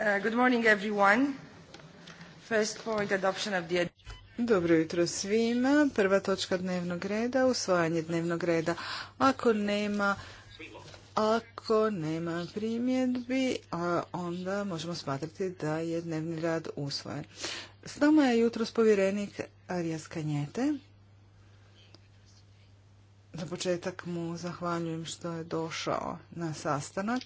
Uh, good morning everyone. Dobro jutro svima. Prva točka dnevnog reda, usvajanje dnevnog reda. Ako nema ako nema primjedbi, onda možemo smatrati da je dnevni rad usvojen. S nama je jutros povjerenik Arias Kanjete. Za početak mu zahvaljujem što je došao na sastanak.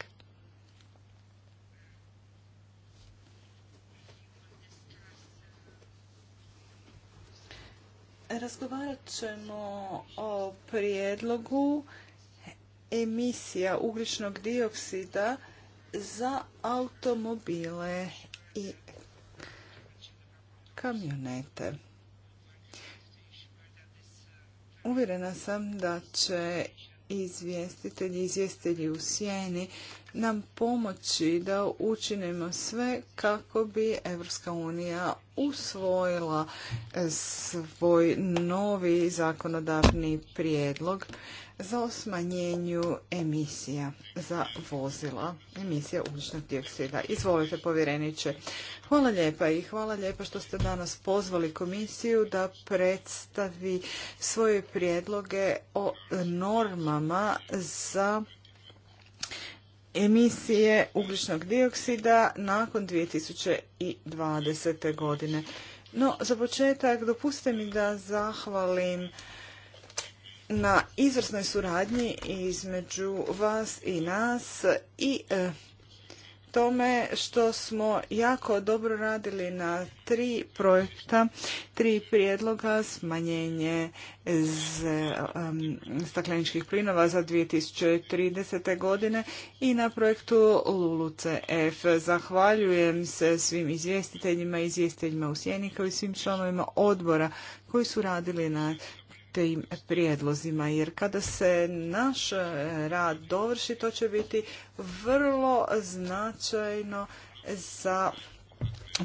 Razgovarat ćemo o prijedlogu emisija ugljičnog dioksida za automobile i kamionete. Uvjerena sam da će izvjestitelji, izvjestitelji u sjeni nam pomoći da učinimo sve kako bi Evropska unija usvojila svoj novi zakonodavni prijedlog za smanjenje emisija za vozila, emisija ugljičnog dioksida. Izvolite, povjereniče. Hvala lijepa i hvala lijepa što ste danas pozvali komisiju da predstavi svoje prijedloge o normama za emisije ugljičnog dioksida nakon 2020. godine. No, za početak dopustite mi da zahvalim na izvrsnoj suradnji između vas i nas i eh, tome što smo jako dobro radili na tri projekta, tri prijedloga smanjenje stakleničkih plinova za 2030. godine i na projektu LULUCF. Zahvaljujem se svim izvjestiteljima i izvjestiteljima u Sjeni i svim članovima odbora koji su radili na tim prijedlozima, jer kada se naš e, rad dovrši, to će biti vrlo značajno za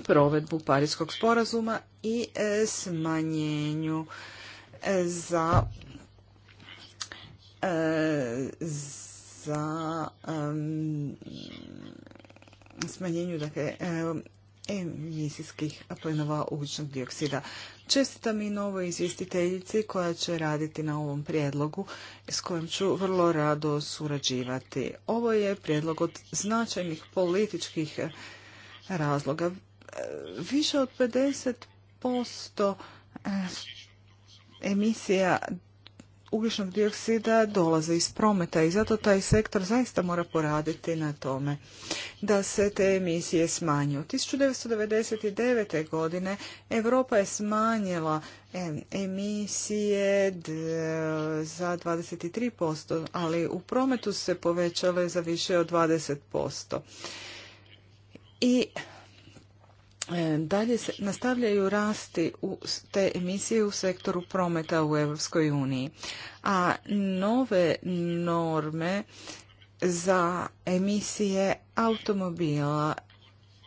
provedbu Parijskog sporazuma i e, smanjenju e, za za smanjenju dakle, emisijskih plinova ugljičnog dioksida. Čestitam i novoj izvjestiteljici koja će raditi na ovom prijedlogu s kojim ću vrlo rado surađivati. Ovo je prijedlog od značajnih političkih razloga. Više od 50% eh, emisija ugljičnog dioksida dolaze iz prometa i zato taj sektor zaista mora poraditi na tome da se te emisije smanje. U 1999. godine Europa je smanjila emisije za 23%, ali u prometu se povećale za više od 20%. I E, dalje se nastavljaju rasti u te emisije u sektoru prometa u Europskoj uniji, a nove norme za emisije automobila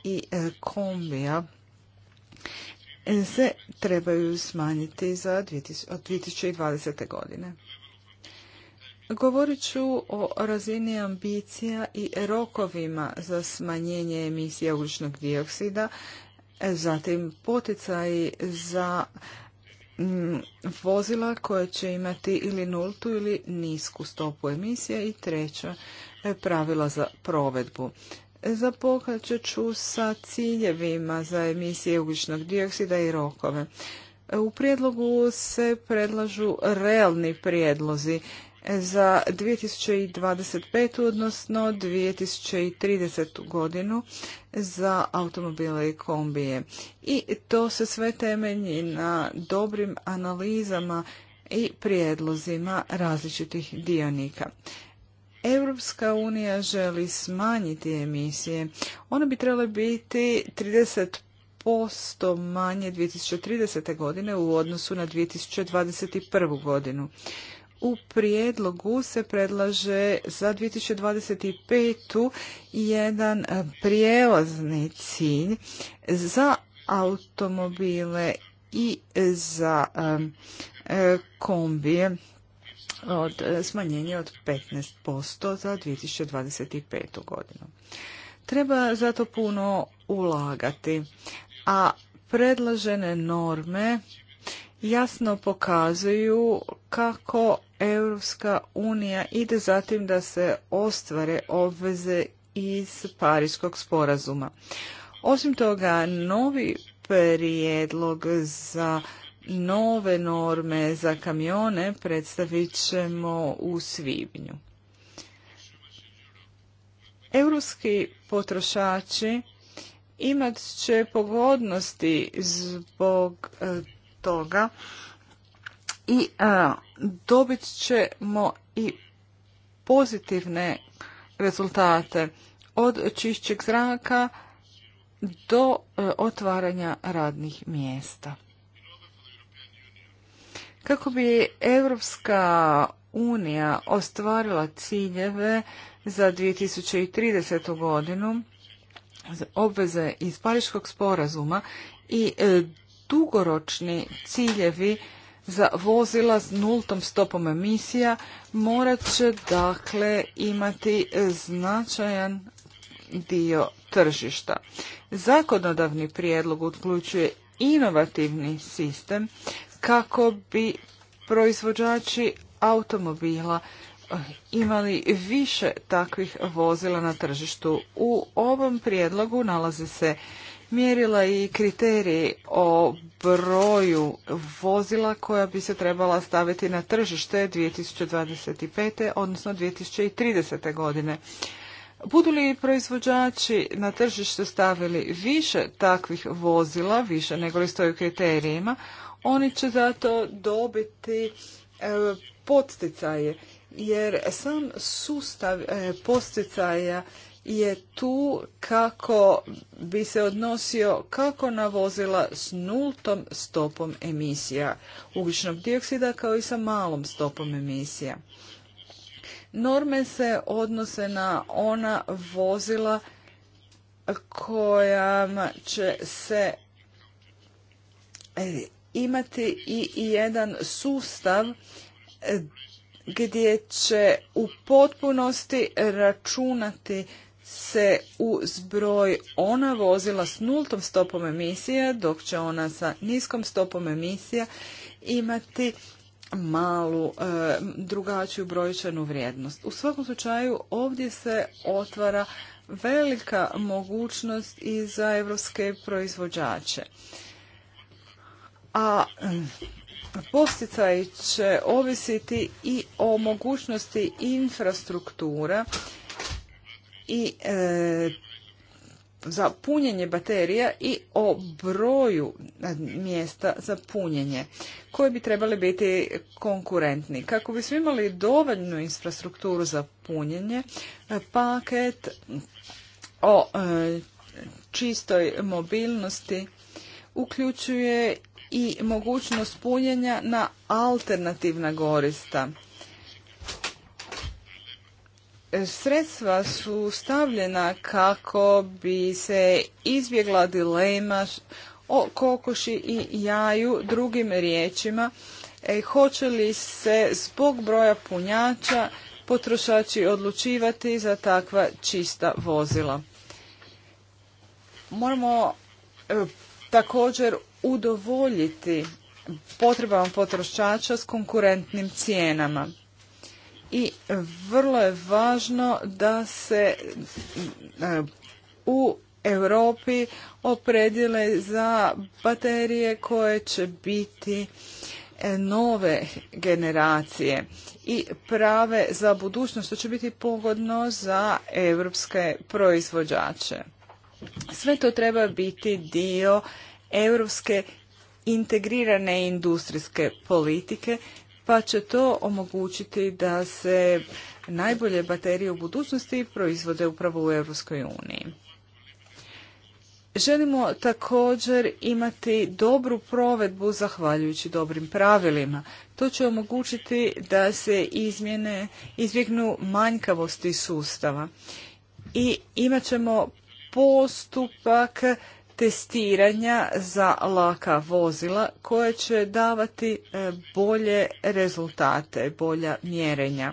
i e, kombija e, se trebaju smanjiti za od 2020. godine. Govorit ću o razini ambicija i rokovima za smanjenje emisija ugljičnog dioksida zatim poticaji za mm, vozila koje će imati ili nultu ili nisku stopu emisija i treća e, pravila za provedbu. Zapokaćat ću sa ciljevima za emisije ugljičnog dioksida i rokove. U prijedlogu se predlažu realni prijedlozi za 2025. odnosno 2030. godinu za automobile i kombije. I to se sve temelji na dobrim analizama i prijedlozima različitih dionika. Europska unija želi smanjiti emisije. One bi trebale biti 30% manje 2030. godine u odnosu na 2021. godinu. U prijedlogu se predlaže za 2025. jedan e, prijelazni cilj za automobile i za e, e, kombije od smanjenje od 15% za 2025. godinu. Treba zato puno ulagati, a predložene norme jasno pokazuju kako Europska unija ide zatim da se ostvare obveze iz Pariškog sporazuma. Osim toga, novi prijedlog za nove norme za kamione predstavit ćemo u svibnju. Europski potrošači imat će pogodnosti zbog e, toga i a, dobit ćemo i pozitivne rezultate od čišćeg zraka do e, otvaranja radnih mjesta. Kako bi Europska unija ostvarila ciljeve za 2030. godinu, obveze iz Pariškog sporazuma i e, dugoročni ciljevi za vozila s nultom stopom emisija morat će dakle imati značajan dio tržišta. Zakonodavni prijedlog uključuje inovativni sistem kako bi proizvođači automobila eh, imali više takvih vozila na tržištu. U ovom prijedlogu nalaze se mjerila i kriteriji o broju vozila koja bi se trebala staviti na tržište 2025. odnosno 2030. godine. Budu li proizvođači na tržište stavili više takvih vozila, više nego li stoju kriterijima, oni će zato dobiti e, podsticaje jer sam sustav e, posticaja je tu kako bi se odnosio kako na vozila s nultom stopom emisija ugljičnog dioksida kao i sa malom stopom emisija. Norme se odnose na ona vozila koja će se e, imati i jedan sustav e, gdje će u potpunosti računati se u zbroj ona vozila s nultom stopom emisija, dok će ona sa niskom stopom emisija imati malu, e, drugačiju brojčanu vrijednost. U svakom slučaju ovdje se otvara velika mogućnost i za evropske proizvođače. A posticaj će ovisiti i o mogućnosti infrastruktura i e, za punjenje baterija i o broju mjesta za punjenje koje bi trebali biti konkurentni. Kako bismo imali dovoljnu infrastrukturu za punjenje, e, paket o e, čistoj mobilnosti uključuje i mogućnost punjenja na alternativna gorista sredstva su stavljena kako bi se izbjegla dilema o kokoši i jaju drugim riječima e, hoće li se zbog broja punjača potrošači odlučivati za takva čista vozila. Moramo e, također udovoljiti potrebama potrošača s konkurentnim cijenama i vrlo je važno da se e, u Europi opredile za baterije koje će biti e, nove generacije i prave za budućnost, što će biti pogodno za europske proizvođače. Sve to treba biti dio europske integrirane industrijske politike pa će to omogućiti da se najbolje baterije u budućnosti proizvode upravo u Europskoj uniji. Želimo također imati dobru provedbu zahvaljujući dobrim pravilima. To će omogućiti da se izmjene, izbjegnu manjkavosti sustava i imat ćemo postupak testiranja za laka vozila koje će davati e, bolje rezultate, bolja mjerenja.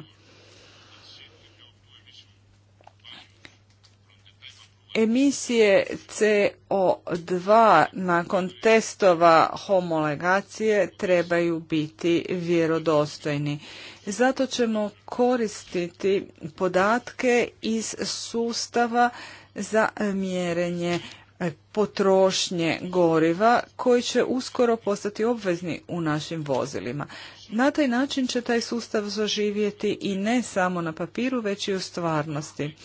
Emisije CO2 nakon testova homolegacije trebaju biti vjerodostojni. Zato ćemo koristiti podatke iz sustava za mjerenje E, potrošnje goriva koji će uskoro postati obvezni u našim vozilima. Na taj način će taj sustav zaživjeti i ne samo na papiru, već i u stvarnosti.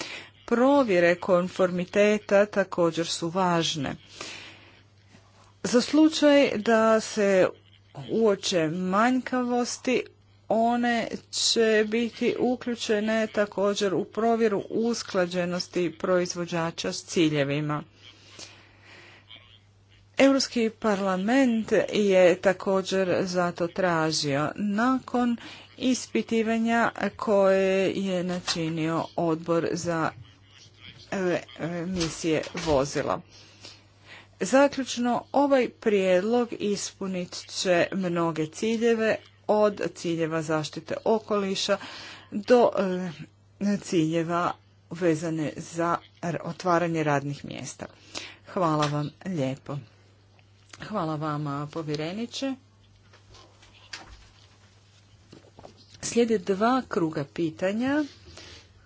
Provjere konformiteta također su važne. Za slučaj da se uoče manjkavosti, one će biti uključene također u provjeru usklađenosti proizvođača s ciljevima. Europski parlament je također zato tražio nakon ispitivanja koje je načinio odbor za e, misije vozila. Zaključno, ovaj prijedlog ispunit će mnoge ciljeve od ciljeva zaštite okoliša do e, ciljeva vezane za otvaranje radnih mjesta. Hvala vam lijepo. Hvala vama, povjereniče. Slijede dva kruga pitanja.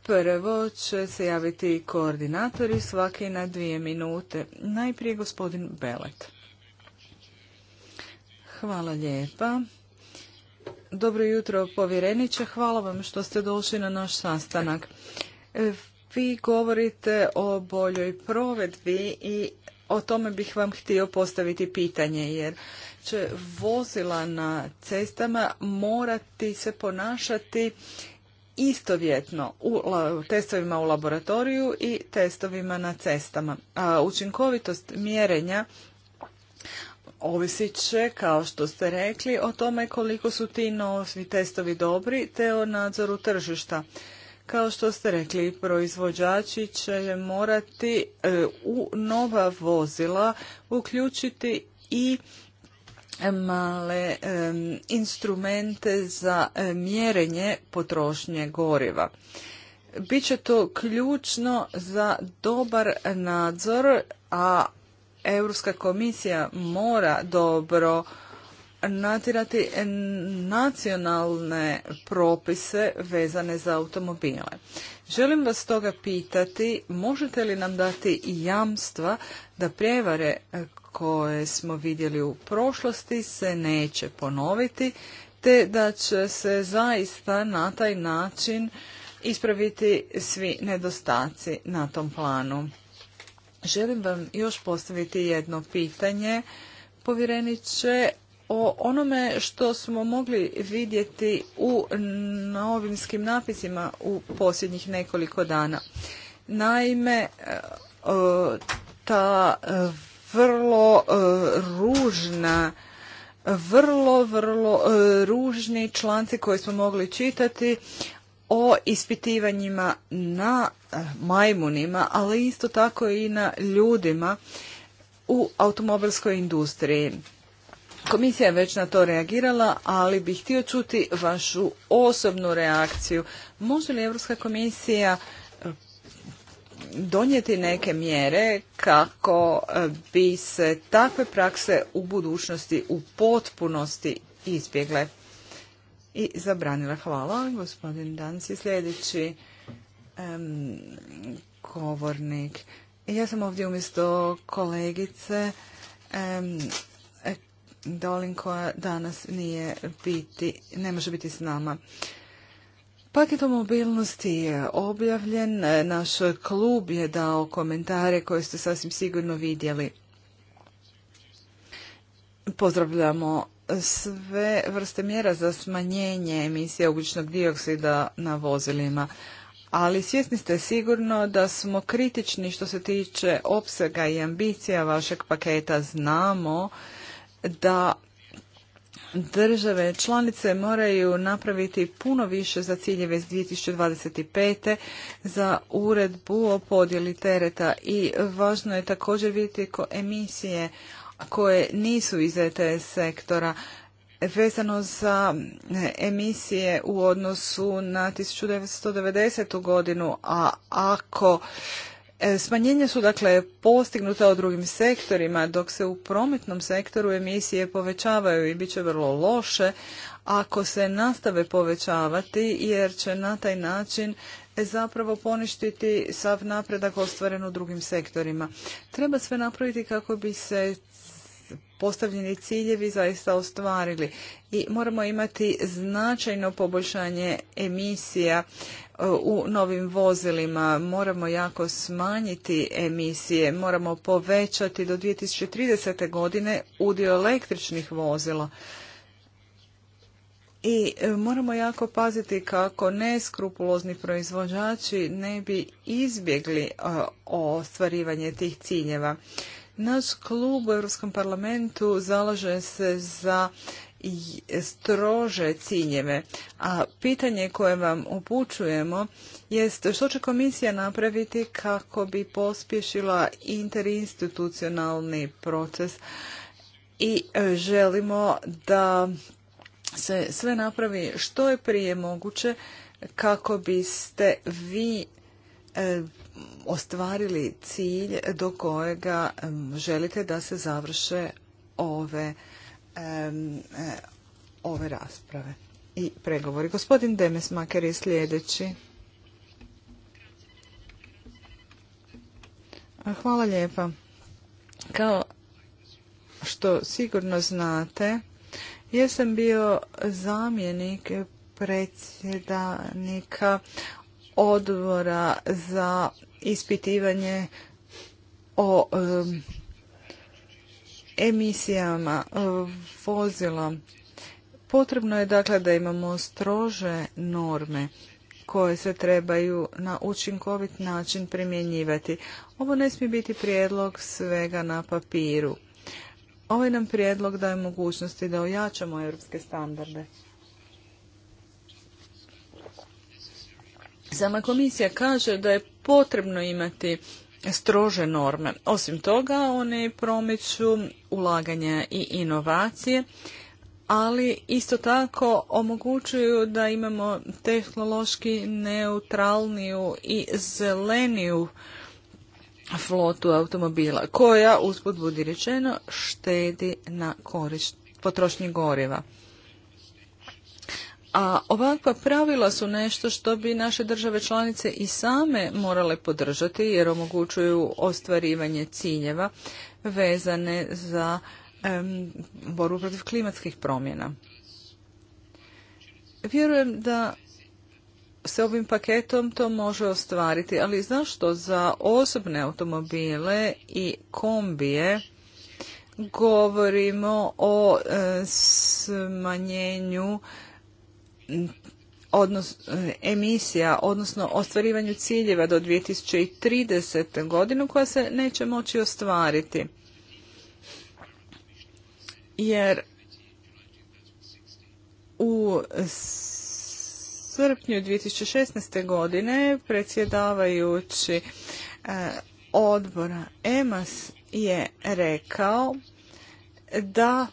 Prvo će se javiti koordinatori svaki na dvije minute. Najprije gospodin Belet. Hvala lijepa. Dobro jutro, povjereniče. Hvala vam što ste došli na naš sastanak. E, vi govorite o boljoj provedbi i o tome bih vam htio postaviti pitanje jer će vozila na cestama morati se ponašati istovjetno u testovima u laboratoriju i testovima na cestama. A učinkovitost mjerenja ovisit će, kao što ste rekli, o tome koliko su ti novi testovi dobri te o nadzoru tržišta. Kao što ste rekli, proizvođači će morati e, u nova vozila uključiti i male e, instrumente za e, mjerenje potrošnje goriva. Biće to ključno za dobar nadzor, a Europska komisija mora dobro natirati nacionalne propise vezane za automobile. Želim vas toga pitati, možete li nam dati jamstva da prijevare e, koje smo vidjeli u prošlosti se neće ponoviti, te da će se zaista na taj način ispraviti svi nedostaci na tom planu. Želim vam još postaviti jedno pitanje, povjereniče, o onome što smo mogli vidjeti u novinskim napisima u posljednjih nekoliko dana. Naime, e, ta e, vrlo e, ružna vrlo, vrlo ružni članci koje smo mogli čitati o ispitivanjima na majmunima, ali isto tako i na ljudima u automobilskoj industriji. Komisija je već na to reagirala, ali bih htio čuti vašu osobnu reakciju. Može li Europska komisija e, donijeti neke mjere kako e, bi se takve prakse u budućnosti u potpunosti izbjegle i zabranile? Hvala. Gospodin Danci, sljedeći govornik. Ja sam ovdje umjesto kolegice Dolin koja danas nije biti, ne može biti s nama. Paket o mobilnosti je objavljen, naš klub je dao komentare koje ste sasvim sigurno vidjeli. Pozdravljamo sve vrste mjera za smanjenje emisije ugljičnog dioksida na vozilima, ali svjesni ste sigurno da smo kritični što se tiče opsega i ambicija vašeg paketa. Znamo da države članice moraju napraviti puno više za ciljeve iz 2025. za uredbu o podjeli tereta i važno je također vidjeti ko emisije koje nisu iz ETS sektora vezano za emisije u odnosu na 1990. godinu, a ako E, smanjenja su dakle postignuta u drugim sektorima, dok se u prometnom sektoru emisije povećavaju i bit će vrlo loše ako se nastave povećavati jer će na taj način e, zapravo poništiti sav napredak ostvaren u drugim sektorima. Treba sve napraviti kako bi se postavljeni ciljevi zaista ostvarili i moramo imati značajno poboljšanje emisija u novim vozilima. Moramo jako smanjiti emisije, moramo povećati do 2030. godine udio električnih vozila. I e, moramo jako paziti kako neskrupulozni proizvođači ne bi izbjegli e, ostvarivanje tih ciljeva. Naš klub u Europskom parlamentu zalaže se za strože ciljeve. A pitanje koje vam upućujemo jest što će komisija napraviti kako bi pospješila interinstitucionalni proces i želimo da se sve napravi što je prije moguće kako biste vi e, ostvarili cilj do kojega želite da se završe ove E, ove rasprave i pregovori. Gospodin Demes Maker je sljedeći. Hvala lijepa. Kao što sigurno znate, jesam bio zamjenik predsjedanika odbora za ispitivanje o emisijama e, vozila. Potrebno je dakle da imamo strože norme koje se trebaju na učinkovit način primjenjivati. Ovo ne smije biti prijedlog svega na papiru. Ovaj nam prijedlog daje mogućnosti da ojačamo europske standarde. Sama komisija kaže da je potrebno imati strože norme. Osim toga, one promiču ulaganja i inovacije, ali isto tako omogućuju da imamo tehnološki neutralniju i zeleniju flotu automobila, koja, usput budi rečeno, štedi na potrošnji goriva. A ovakva pravila su nešto što bi naše države članice i same morale podržati jer omogućuju ostvarivanje ciljeva vezane za um, borbu protiv klimatskih promjena. Vjerujem da se ovim paketom to može ostvariti, ali zašto za osobne automobile i kombije govorimo o e, smanjenju odnos, emisija, odnosno ostvarivanju ciljeva do 2030. godinu koja se neće moći ostvariti. Jer u srpnju 2016. godine predsjedavajući e, odbora EMAS je rekao da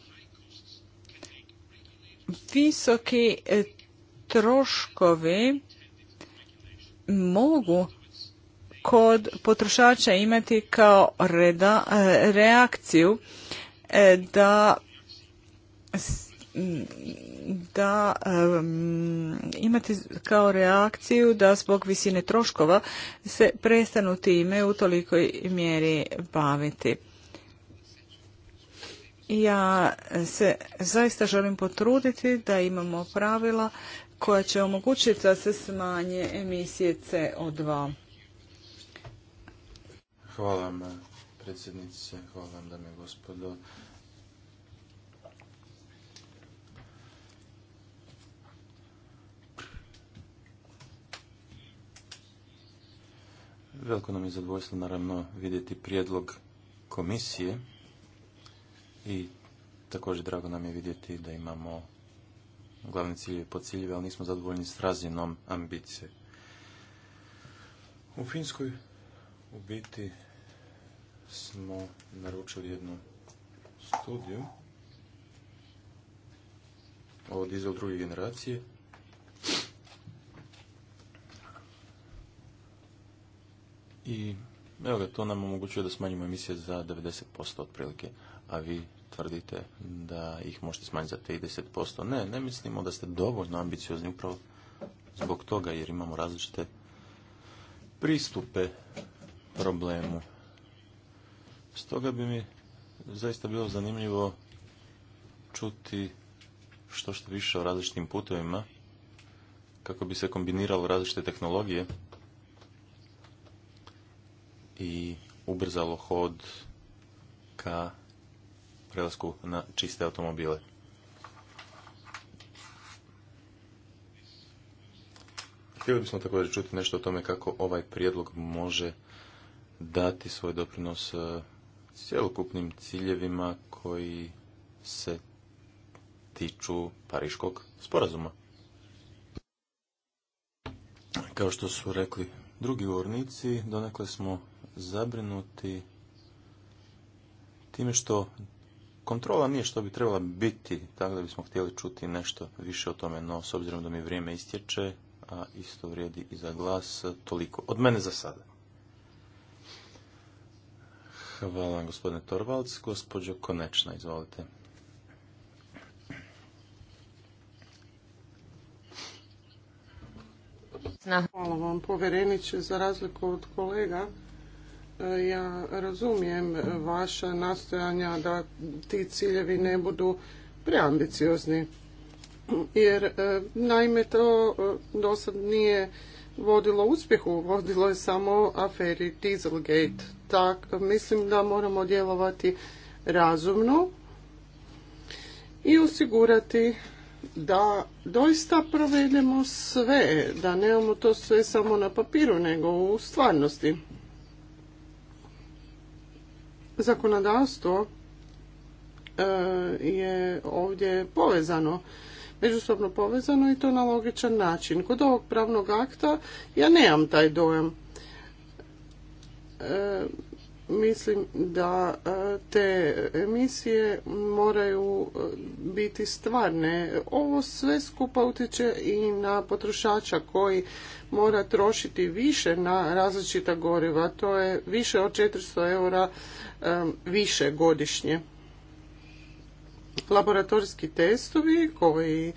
visoki troškovi mogu kod potrošača imati kao reda, e, reakciju e, da da e, imati kao reakciju da zbog visine troškova se prestanu time u tolikoj mjeri baviti. Ja se zaista želim potruditi da imamo pravila koja će omogućiti da se smanje emisije CO2. Hvala vam, predsjednice, hvala vam, dame gospodo. Veliko nam je zadvojstvo, naravno, vidjeti prijedlog komisije i također drago nam je vidjeti da imamo glavni cilj po ciljeve, ali nismo zadovoljni s razinom ambicije. U Finskoj u biti smo naručili jednu studiju o dizel druge generacije. I evo ga, to nam omogućuje da smanjimo emisije za 90% otprilike, a vi tvrdite da ih možete smanjiti za 30%. Ne, ne mislimo da ste dovoljno ambiciozni upravo zbog toga jer imamo različite pristupe problemu. Stoga bi mi zaista bilo zanimljivo čuti što što više o različitim putovima kako bi se kombiniralo različite tehnologije i ubrzalo hod ka prelasku na čiste automobile. Htjeli bismo također čuti nešto o tome kako ovaj prijedlog može dati svoj doprinos e, cjelokupnim ciljevima koji se tiču Pariškog sporazuma. Kao što su rekli drugi govornici, donekle smo zabrinuti time što Kontrola nije što bi trebala biti, tako da bismo htjeli čuti nešto više o tome, no s obzirom da mi vrijeme istječe, a isto vrijedi i za glas, toliko. Od mene za sada. Hvala vam, gospodine Torvalds. Gospođo Konečna, izvolite. Hvala vam, povereniće, za razliku od kolega ja razumijem vaša nastojanja da ti ciljevi ne budu preambiciozni. Jer e, naime to e, do sad nije vodilo uspjehu, vodilo je samo aferi Dieselgate. Tak, mislim da moramo djelovati razumno i osigurati da doista provedemo sve, da nemamo to sve samo na papiru, nego u stvarnosti zakonodavstvo e, je ovdje povezano međusobno povezano i to na logičan način. Kod ovog pravnog akta ja nemam taj dojam. E, mislim da e, te emisije moraju e, biti stvarne. Ovo sve skupa utječe i na potrošača koji mora trošiti više na različita goriva. To je više od 400 eura e, više godišnje. Laboratorijski testovi koji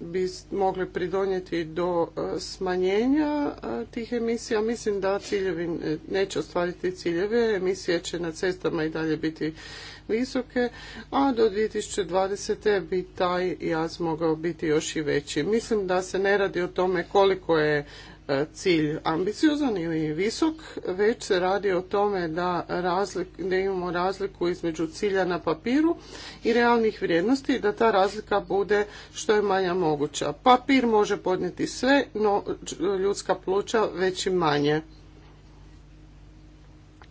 bi mogli pridonijeti do e, smanjenja e, tih emisija. Mislim da ciljevi e, neće ostvariti ciljeve, emisije će na cestama i dalje biti visoke, a do 2020. bi taj jaz mogao biti još i veći. Mislim da se ne radi o tome koliko je E, cilj ambiciozan ili visok, već se radi o tome da, razlik, da imamo razliku između cilja na papiru i realnih vrijednosti i da ta razlika bude što je manja moguća. Papir može podnijeti sve, no ljudska pluća već i manje.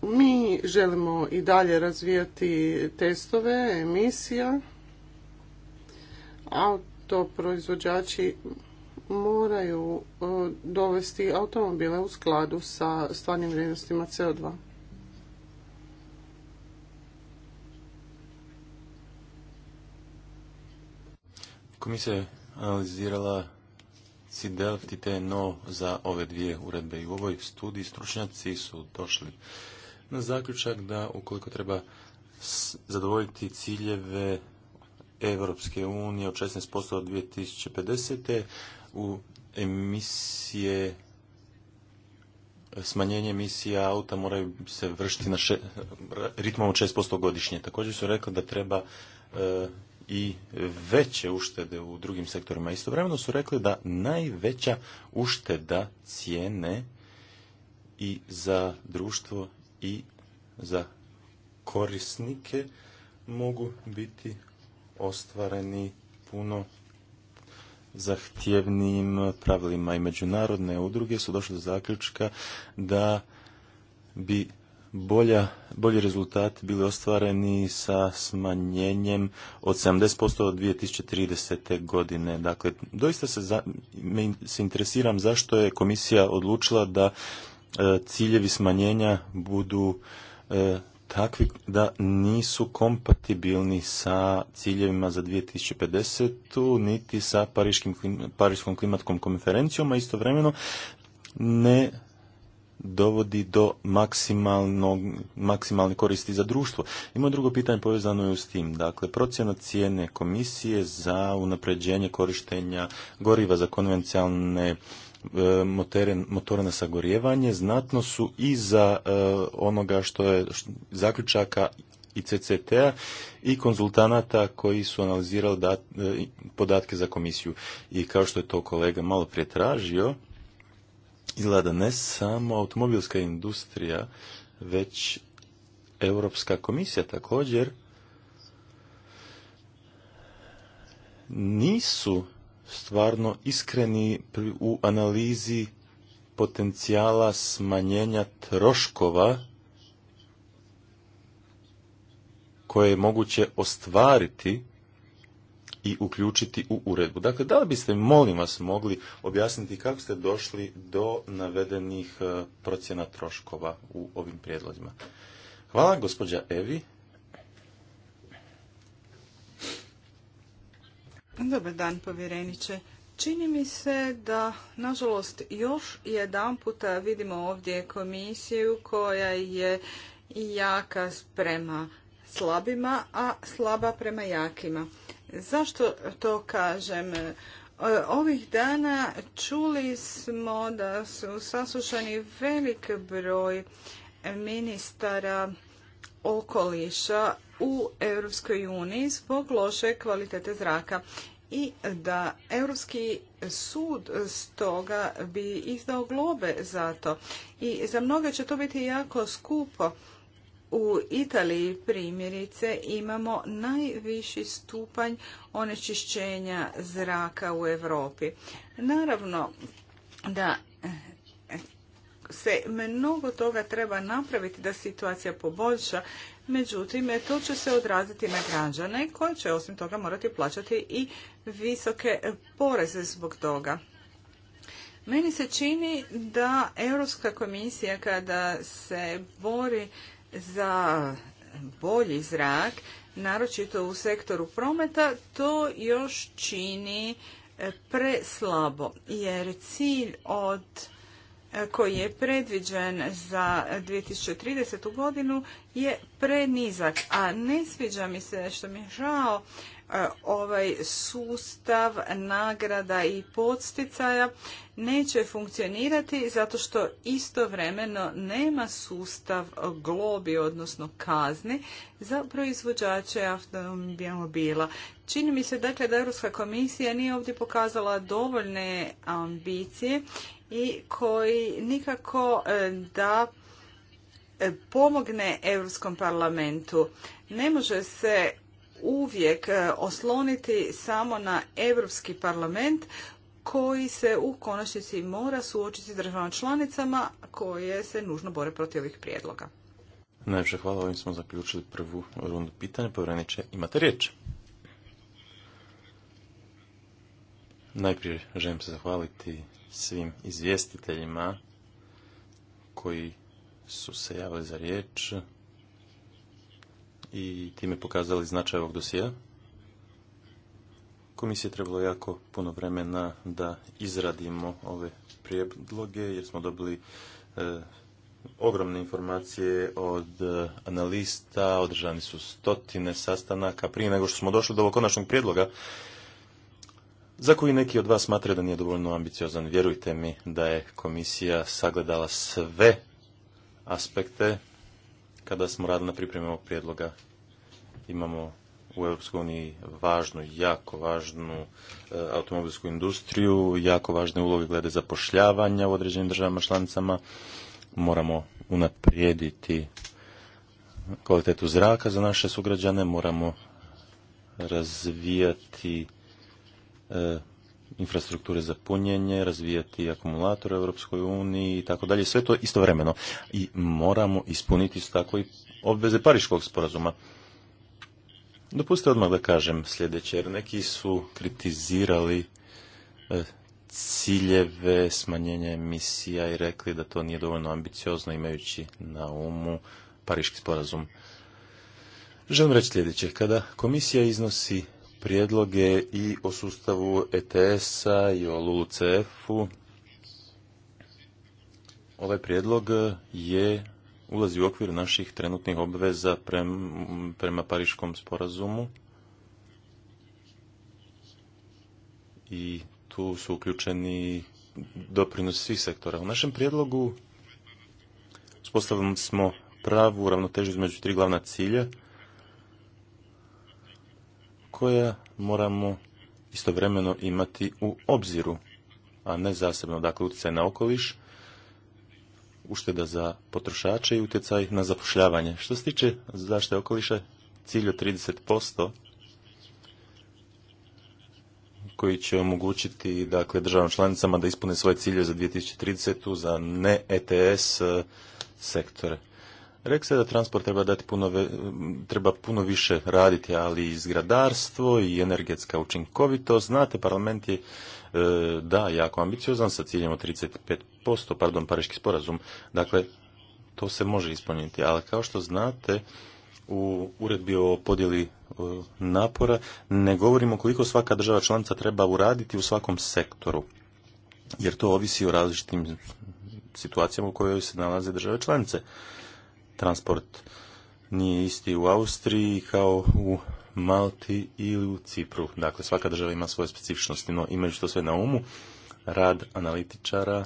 Mi želimo i dalje razvijati testove, emisija, autoproizvođači moraju e, dovesti automobile u skladu sa stvarnim vrijednostima CO2. Komisija je analizirala CIDELT i TNO za ove dvije uredbe i u ovoj studiji stručnjaci su došli na zaključak da ukoliko treba zadovoljiti ciljeve Evropske unije od 16% od 2050 u emisije smanjenje emisija auta moraju se vršiti na še, ritmom od 6% godišnje. Također su rekli da treba e, i veće uštede u drugim sektorima. Istovremeno su rekli da najveća ušteda cijene i za društvo i za korisnike mogu biti ostvareni puno zahtjevnim pravilima i međunarodne udruge su došle do zaključka da bi bolja, bolji rezultati bili ostvareni sa smanjenjem od 70% od 2030. godine. Dakle, doista se, za, se interesiram zašto je komisija odlučila da e, ciljevi smanjenja budu e, takvi da nisu kompatibilni sa ciljevima za 2050. niti sa Pariškim, Pariškom klimatkom konferencijom, a istovremeno ne dovodi do maksimalne koristi za društvo. Ima drugo pitanje povezano je s tim. Dakle, procjena cijene komisije za unapređenje korištenja goriva za konvencijalne motora na sagorijevanje znatno su za e, onoga što je zaključaka i CCT-a i konzultanata koji su analizirali e, podatke za komisiju. I kao što je to kolega malo prije tražio, izgleda ne samo automobilska industrija, već Europska komisija također nisu stvarno iskreni u analizi potencijala smanjenja troškova koje je moguće ostvariti i uključiti u uredbu. Dakle, da li biste, molim vas, mogli objasniti kako ste došli do navedenih eh, procjena troškova u ovim prijedlozima? Hvala, gospođa Evi. Dobar dan, povjereniče. Čini mi se da, nažalost, još jedan puta vidimo ovdje komisiju koja je jaka prema slabima, a slaba prema jakima. Zašto to kažem? E, ovih dana čuli smo da su saslušani velik broj ministara okoliša u Europskoj uniji zbog loše kvalitete zraka i da Europski sud stoga bi izdao globe za to. I za mnoge će to biti jako skupo. U Italiji primjerice imamo najviši stupanj onečišćenja zraka u Europi. Naravno da se mnogo toga treba napraviti da situacija poboljša Međutim, to će se odraziti na građane koji će osim toga morati plaćati i visoke poreze zbog toga. Meni se čini da Europska komisija kada se bori za bolji zrak, naročito u sektoru prometa, to još čini preslabo, jer cilj od koji je predviđen za 2030. godinu je prenizak, a ne sviđa mi se što mi je žao e, ovaj sustav nagrada i podsticaja neće funkcionirati zato što istovremeno nema sustav globi, odnosno kazni za proizvođače automobila. Čini mi se dakle da Europska komisija nije ovdje pokazala dovoljne ambicije i koji nikako e, da e, pomogne Europskom parlamentu. Ne može se uvijek e, osloniti samo na Europski parlament koji se u konačnici mora suočiti s državama članicama koje se nužno bore protiv ovih prijedloga. Najljepše hvala, ovim smo zaključili prvu rundu pitanja. Povjereniče, imate riječ. Najprije želim se zahvaliti svim izvjestiteljima koji su se javili za riječ i time pokazali značaj ovog dosija. Komisija je trebalo jako puno vremena da izradimo ove prijedloge jer smo dobili e, ogromne informacije od analista, održani su stotine sastanaka prije nego što smo došli do ovog konačnog prijedloga za koji neki od vas smatraju da nije dovoljno ambiciozan. Vjerujte mi da je komisija sagledala sve aspekte kada smo radili na pripremi ovog prijedloga. Imamo u EU važnu, jako važnu e, automobilsku industriju, jako važne uloge glede zapošljavanja u određenim državama članicama. Moramo unaprijediti kvalitetu zraka za naše sugrađane, moramo razvijati E, infrastrukture za punjenje, razvijati akumulator u Europskoj uniji i tako dalje. Sve to istovremeno. I moramo ispuniti tako i obveze Pariškog sporazuma. Dopustite odmah da kažem sljedeće, jer neki su kritizirali e, ciljeve smanjenja emisija i rekli da to nije dovoljno ambiciozno imajući na umu Pariški sporazum. Želim reći sljedeće, kada komisija iznosi prijedloge i o sustavu ETS-a i o LULCF-u. Ovaj prijedlog je ulazi u okvir naših trenutnih obveza prema Pariškom sporazumu i tu su uključeni doprinosi svih sektora. U našem prijedlogu uspostavili smo pravu ravnotežu između tri glavna cilja – koja moramo istovremeno imati u obziru, a ne zasebno, dakle utjecaj na okoliš, ušteda za potrošače i utjecaj na zapošljavanje. Što se tiče zaštite okoliša, cilj od 30% koji će omogućiti dakle, državama članicama da ispune svoje cilje za 2030. za ne ETS eh, sektore. Rekli se da transport treba dati puno, treba puno više raditi, ali i zgradarstvo i energetska učinkovitost. Znate, parlament je e, da, jako ambiciozan sa ciljem od 35%, pardon, pariški sporazum. Dakle, to se može ispuniti, ali kao što znate, u uredbi o podjeli e, napora ne govorimo koliko svaka država članica treba uraditi u svakom sektoru, jer to ovisi o različitim situacijama u kojoj se nalaze države članice transport nije isti u Austriji kao u Malti ili u Cipru. Dakle, svaka država ima svoje specifičnosti, no imaju to sve na umu, rad analitičara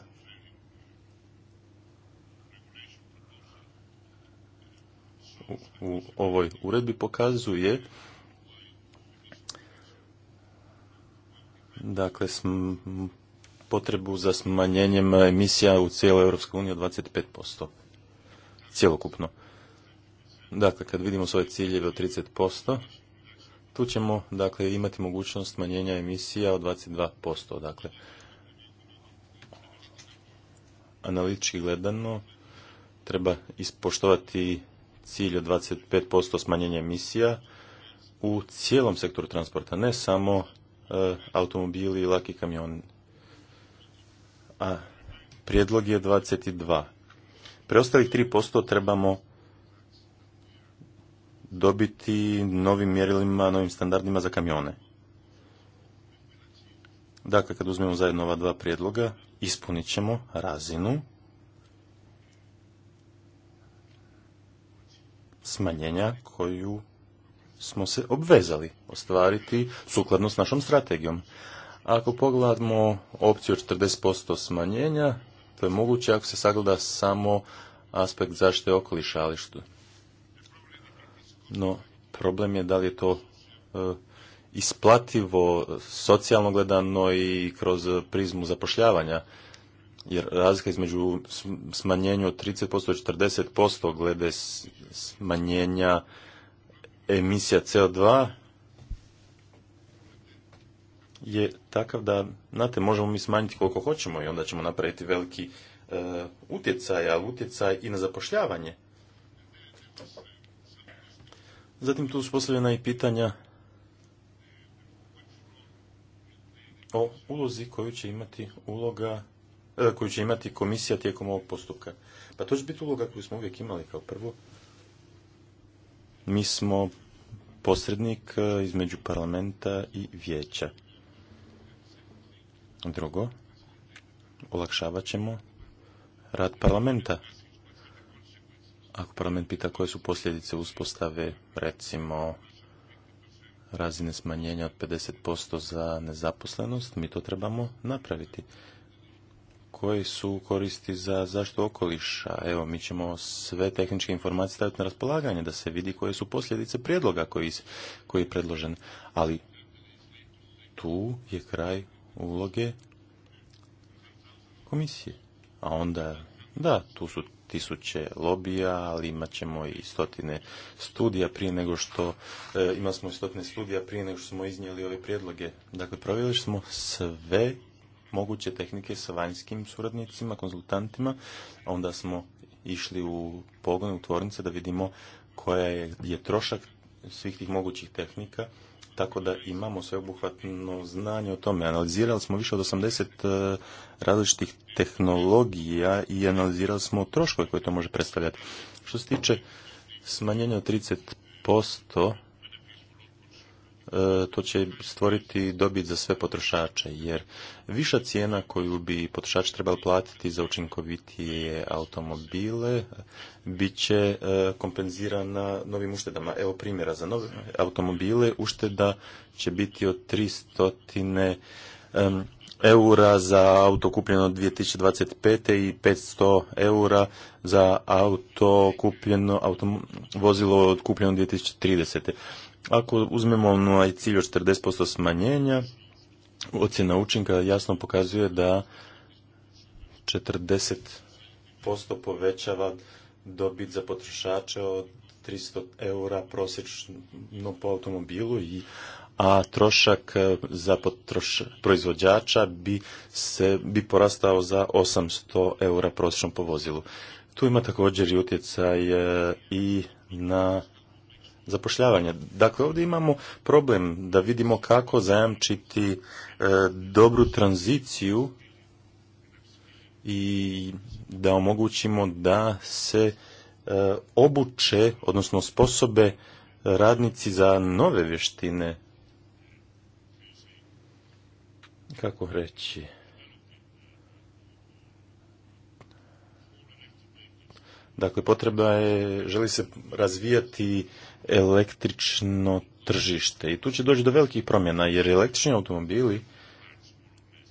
u, ovoj uredbi pokazuje dakle potrebu za smanjenjem emisija u cijeloj Europskoj uniji od 25% cjelokupno. Dakle, kad vidimo svoje ciljeve od 30%, tu ćemo dakle, imati mogućnost smanjenja emisija od 22%. Dakle, analitički gledano treba ispoštovati cilj od 25% smanjenja emisija u cijelom sektoru transporta, ne samo e, automobili i laki kamion. A prijedlog je 22. Preostalih 3% trebamo dobiti novim mjerilima, novim standardima za kamione. Dakle, kad uzmemo zajedno ova dva prijedloga, ispunit ćemo razinu smanjenja koju smo se obvezali ostvariti sukladno s našom strategijom. Ako pogledamo opciju 40% smanjenja, to je moguće ako se sagleda samo aspekt zaštite okoliša, No, problem je da li je to e, isplativo socijalno gledano i kroz prizmu zapošljavanja. Jer razlika između smanjenju od 30% i 40% glede smanjenja emisija CO2 je takav da, znate, možemo mi smanjiti koliko hoćemo i onda ćemo napraviti veliki e, utjecaj, ali utjecaj i na zapošljavanje. Zatim tu su postavljena i pitanja o ulozi koju će imati uloga e, koju će imati komisija tijekom ovog postupka. Pa to će biti uloga koju smo uvijek imali kao prvo. Mi smo posrednik e, između parlamenta i vijeća. Drugo, olakšavat ćemo rad parlamenta. Ako parlament pita koje su posljedice uspostave, recimo razine smanjenja od 50% za nezaposlenost, mi to trebamo napraviti. Koje su koristi za zaštitu okoliša? Evo, mi ćemo sve tehničke informacije staviti na raspolaganje da se vidi koje su posljedice prijedloga koji, koji je predložen. Ali tu je kraj uloge komisije. A onda, da, tu su tisuće lobija, ali imat ćemo i stotine studija prije nego što, e, imali smo stotine studija prije nego što smo iznijeli ove prijedloge. Dakle, provjerili smo sve moguće tehnike sa vanjskim suradnicima, konzultantima, onda smo išli u pogon u tvornice da vidimo koja je, je trošak svih tih mogućih tehnika tako da imamo sveobuhvatno znanje o tome. Analizirali smo više od 80 e, različitih tehnologija i analizirali smo troškove koje to može predstavljati. Što se tiče smanjenja od 30% E, to će stvoriti dobit za sve potrošače, jer viša cijena koju bi potrošač trebali platiti za učinkovitije automobile e, bit će e, kompenzirana novim uštedama. Evo primjera, za nove automobile ušteda će biti od 300 eura za auto kupljeno 2025. i 500 eura za auto kupljeno, auto, vozilo kupljeno 2030. Ako uzmemo onaj cilj od 40% smanjenja, ocjena učinka jasno pokazuje da 40% povećava dobit za potrošače od 300 eura prosječno po automobilu, a trošak e, za proizvođača bi, se, bi porastao za 800 eura prosječno po vozilu. Tu ima također i utjecaj e, i na zapošljavanja. Dakle, ovdje imamo problem da vidimo kako zajamčiti e, dobru tranziciju i da omogućimo da se e, obuče, odnosno sposobe radnici za nove vještine. Kako reći? Dakle, potreba je, želi se razvijati električno tržište. I tu će doći do velikih promjena, jer električni automobili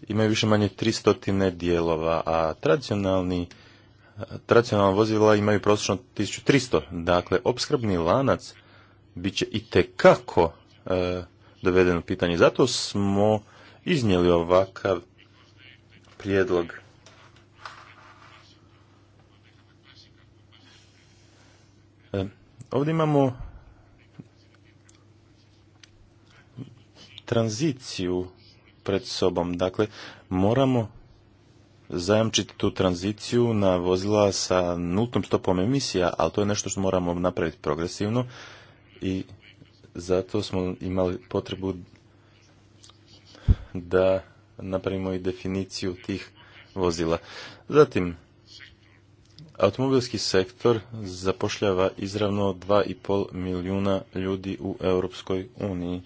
imaju više manje 300 dijelova, a tradicionalni tradicionalna vozila imaju prosječno 1300. Dakle, opskrbni lanac bit će i tekako e, doveden u pitanje. Zato smo iznijeli ovakav prijedlog. E, ovdje imamo tranziciju pred sobom. Dakle, moramo zajamčiti tu tranziciju na vozila sa nultom stopom emisija, ali to je nešto što moramo napraviti progresivno i zato smo imali potrebu da napravimo i definiciju tih vozila. Zatim, automobilski sektor zapošljava izravno 2,5 milijuna ljudi u Europskoj uniji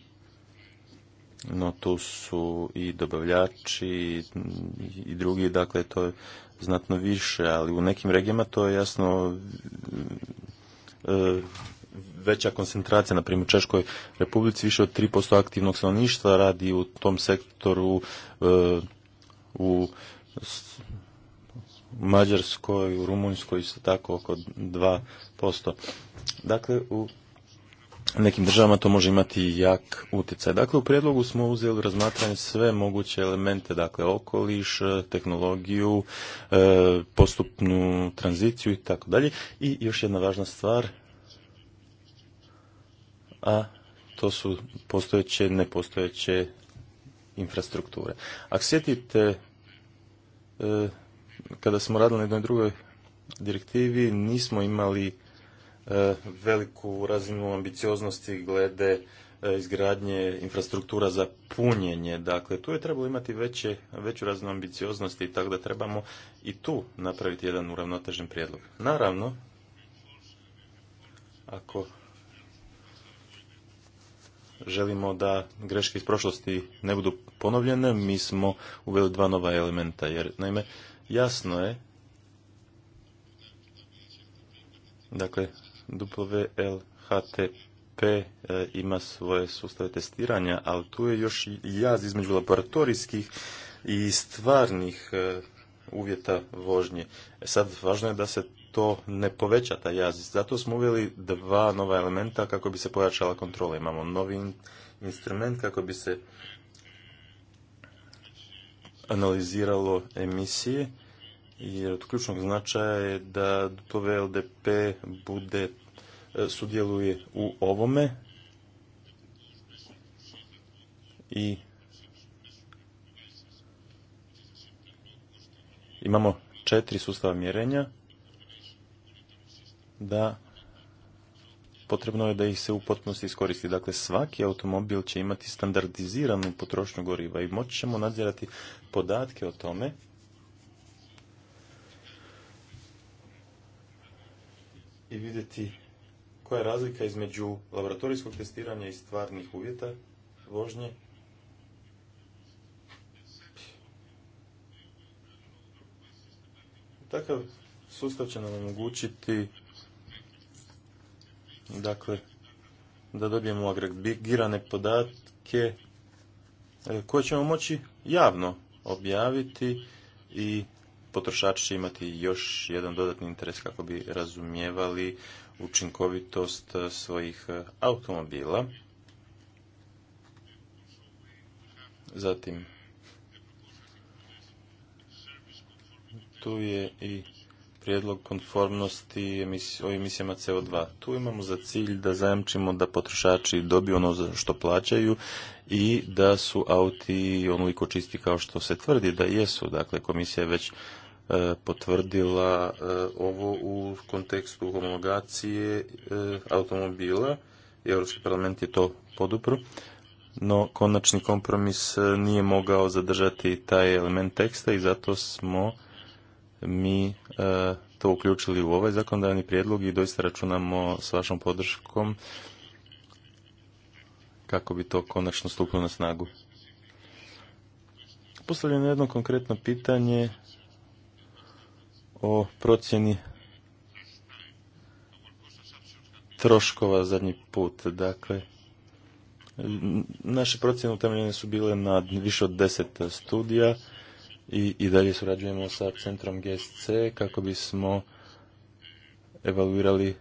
no tu su i dobavljači i, drugi, dakle to je znatno više, ali u nekim regijama to je jasno e, veća koncentracija, na primjer u Češkoj republici više od 3% aktivnog stanovništva radi u tom sektoru e, u Mađarskoj, u Rumunjskoj isto tako oko 2%. Dakle, u nekim državama to može imati jak utjecaj. Dakle, u prijedlogu smo uzeli razmatranje sve moguće elemente, dakle okoliš, e, tehnologiju, e, postupnu tranziciju i tako dalje. I još jedna važna stvar, a to su postojeće, nepostojeće infrastrukture. Ako sjetite, e, kada smo radili na jednoj drugoj direktivi, nismo imali E, veliku razinu ambicioznosti glede e, izgradnje infrastruktura za punjenje. Dakle, tu je trebalo imati veće, veću razinu ambicioznosti, tako da trebamo i tu napraviti jedan uravnotežen prijedlog. Naravno, ako želimo da greške iz prošlosti ne budu ponovljene, mi smo uveli dva nova elementa, jer naime, jasno je Dakle, WLHTP e, ima svoje sustave testiranja, ali tu je još jaz između laboratorijskih i stvarnih e, uvjeta vožnje. E, sad, važno je da se to ne poveća ta jaz. Zato smo uveli dva nova elementa kako bi se pojačala kontrola. Imamo novi instrument kako bi se analiziralo emisije jer od ključnog značaja je da VLDP bude e, sudjeluje u ovome i imamo četiri sustava mjerenja da potrebno je da ih se u potpunosti iskoristi. Dakle, svaki automobil će imati standardiziranu potrošnju goriva i moći ćemo nadzirati podatke o tome i vidjeti koja je razlika između laboratorijskog testiranja i stvarnih uvjeta vožnje. Takav sustav će nam omogućiti dakle, da dobijemo agregirane podatke e, koje ćemo moći javno objaviti i potrošači će imati još jedan dodatni interes kako bi razumijevali učinkovitost e, svojih e, automobila. Zatim, tu je i prijedlog konformnosti o emisijama CO2. Tu imamo za cilj da zajamčimo da potrošači dobiju ono za što plaćaju i da su auti onoliko čisti kao što se tvrdi da jesu. Dakle, komisija je već E, potvrdila e, ovo u kontekstu homologacije e, automobila i Europski parlament je to podupro, no konačni kompromis nije mogao zadržati taj element teksta i zato smo mi to uključili u ovaj zakonodavni prijedlog i doista računamo s vašom podrškom kako bi to konačno stupilo na snagu. Postavljeno jedno konkretno pitanje o procjeni troškova zadnji put. Dakle, naše procjene utemeljene su bile na više od deset studija i, i dalje surađujemo sa centrom GSC kako bismo evaluirali